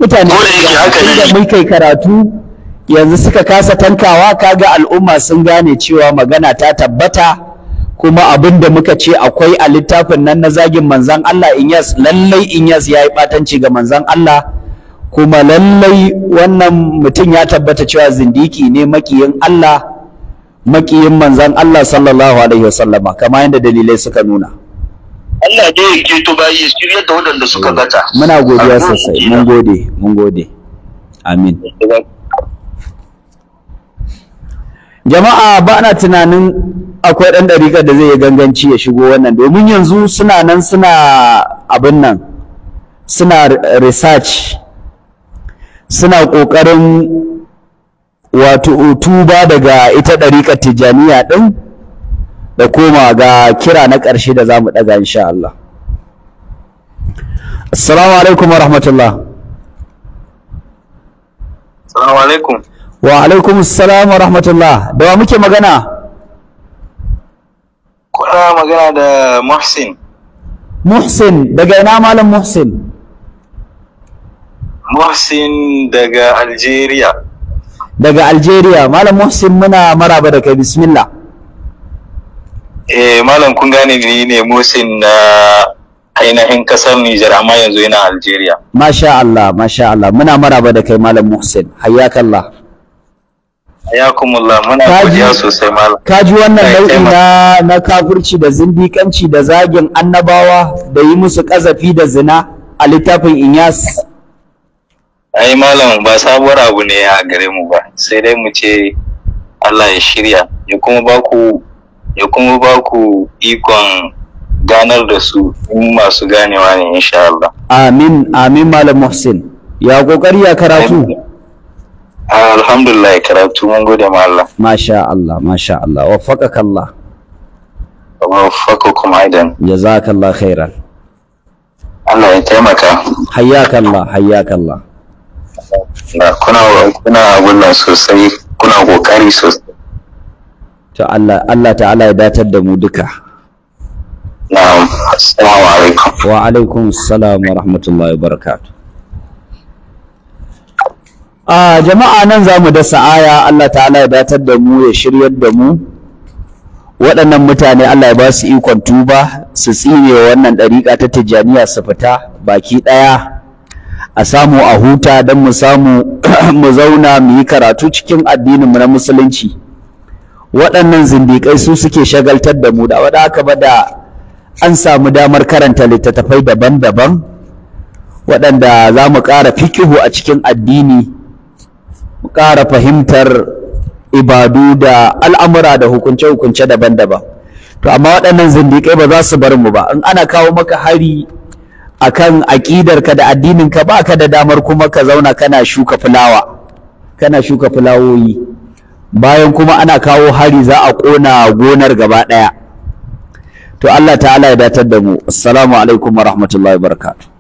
mutane da muke karatu yanzu suka kasa tankawa kaga al'umma sun gane cewa magana ta tabbata kuma abin da muka ce akwai a littafin nan na zagin manzan Allah Inyas lallai Inyas ya yi ɓatanci ga manzan Allah kuma lallai wannan mutum ya tabbata cewa zindiki ne makiyin Allah makiyin manzan Allah sallallahu alaihi wasallama kama yadda dalilai suka nuna Allah dai ya ke to bayi shirya da waɗanda suka bata muna godiya sosai mun gode mun gode amin jama'a ba na tunanin akwai ɗan ɗariƙar da zai yi ganganci ya shigo wannan domin yanzu suna nan suna abin nan suna research suna ƙoƙarin wato tuba daga ita ɗariƙar tijjaniya ɗin da koma ga kira na ƙarshe da za mu ɗaga insha Allah assalamu alaikum wa rahmatullah assalamu alaikum wa alaikum salam wa rahmatullah da wa muke magana kuna magana da muhsin muhsin daga ina malam muhsin muhsin daga algeria daga algeria malam muhsin muna maraba da kai bismillah eh malam kun gane ni ne muhsin na ainihin kasar Nijar amma yanzu yana Algeria. Masha Allah, masha Allah, muna maraba da kai Malam Muhsin, hayyakallah. kaji Ka ji wannan nau'i na na kafirci da zindikanci da zagin annabawa da yi musu kazafi da zina a littafin Inyas. Ai malam ba sabuwar abu ne a gare mu ba sai dai mu ce Allah ya shirya ya kuma ba ku ikon ganar da su in masu ganewa ne insha Allah. Amin amin malam Muhsin. Ya kokari ya karatu. alhamdulillah karatu mun gode ma Allah masha Allah masha Allah waffaqaka Allah waffaqukum aidan jazakallah khairan Allah ya taimaka hayyaka Allah hayyaka Allah kuna kuna wannan sosai kuna kokari sosai to Allah Allah ta'ala ya datar da mu duka na'am assalamu alaikum wa alaikum assalam wa rahmatullahi wa barakatuh a jama'a nan za mu dasa aya Allah ta'ala ya datar da mu ya shiryar da mu waɗannan mutane Allah ya ba su ikon tuba su tsine wannan ɗariƙa ta tijjaniya su fita baki ɗaya a samu a huta don mu samu mu zauna mu yi karatu cikin addininmu na musulunci waɗannan zindikai su suke shagaltar da mu da waɗa aka ba da an samu damar karanta littattafai daban-daban waɗanda za mu ƙara fikihu a cikin addini ƙara fahimtar ibadu da al'amura da hukunce-hukunce daban-daban to amma waɗannan zindikai ba za su bar mu ba in ana kawo maka hari akan ka da addininka ba ka da damar kuma ka zauna kana shuka fulawa kana shuka fulawoyi bayan kuma ana kawo hari za a ƙona gonar gaba ɗaya to Allah ta'ala ya datar da mu assalamu alaikum wa rahmatullahi wa barakatuh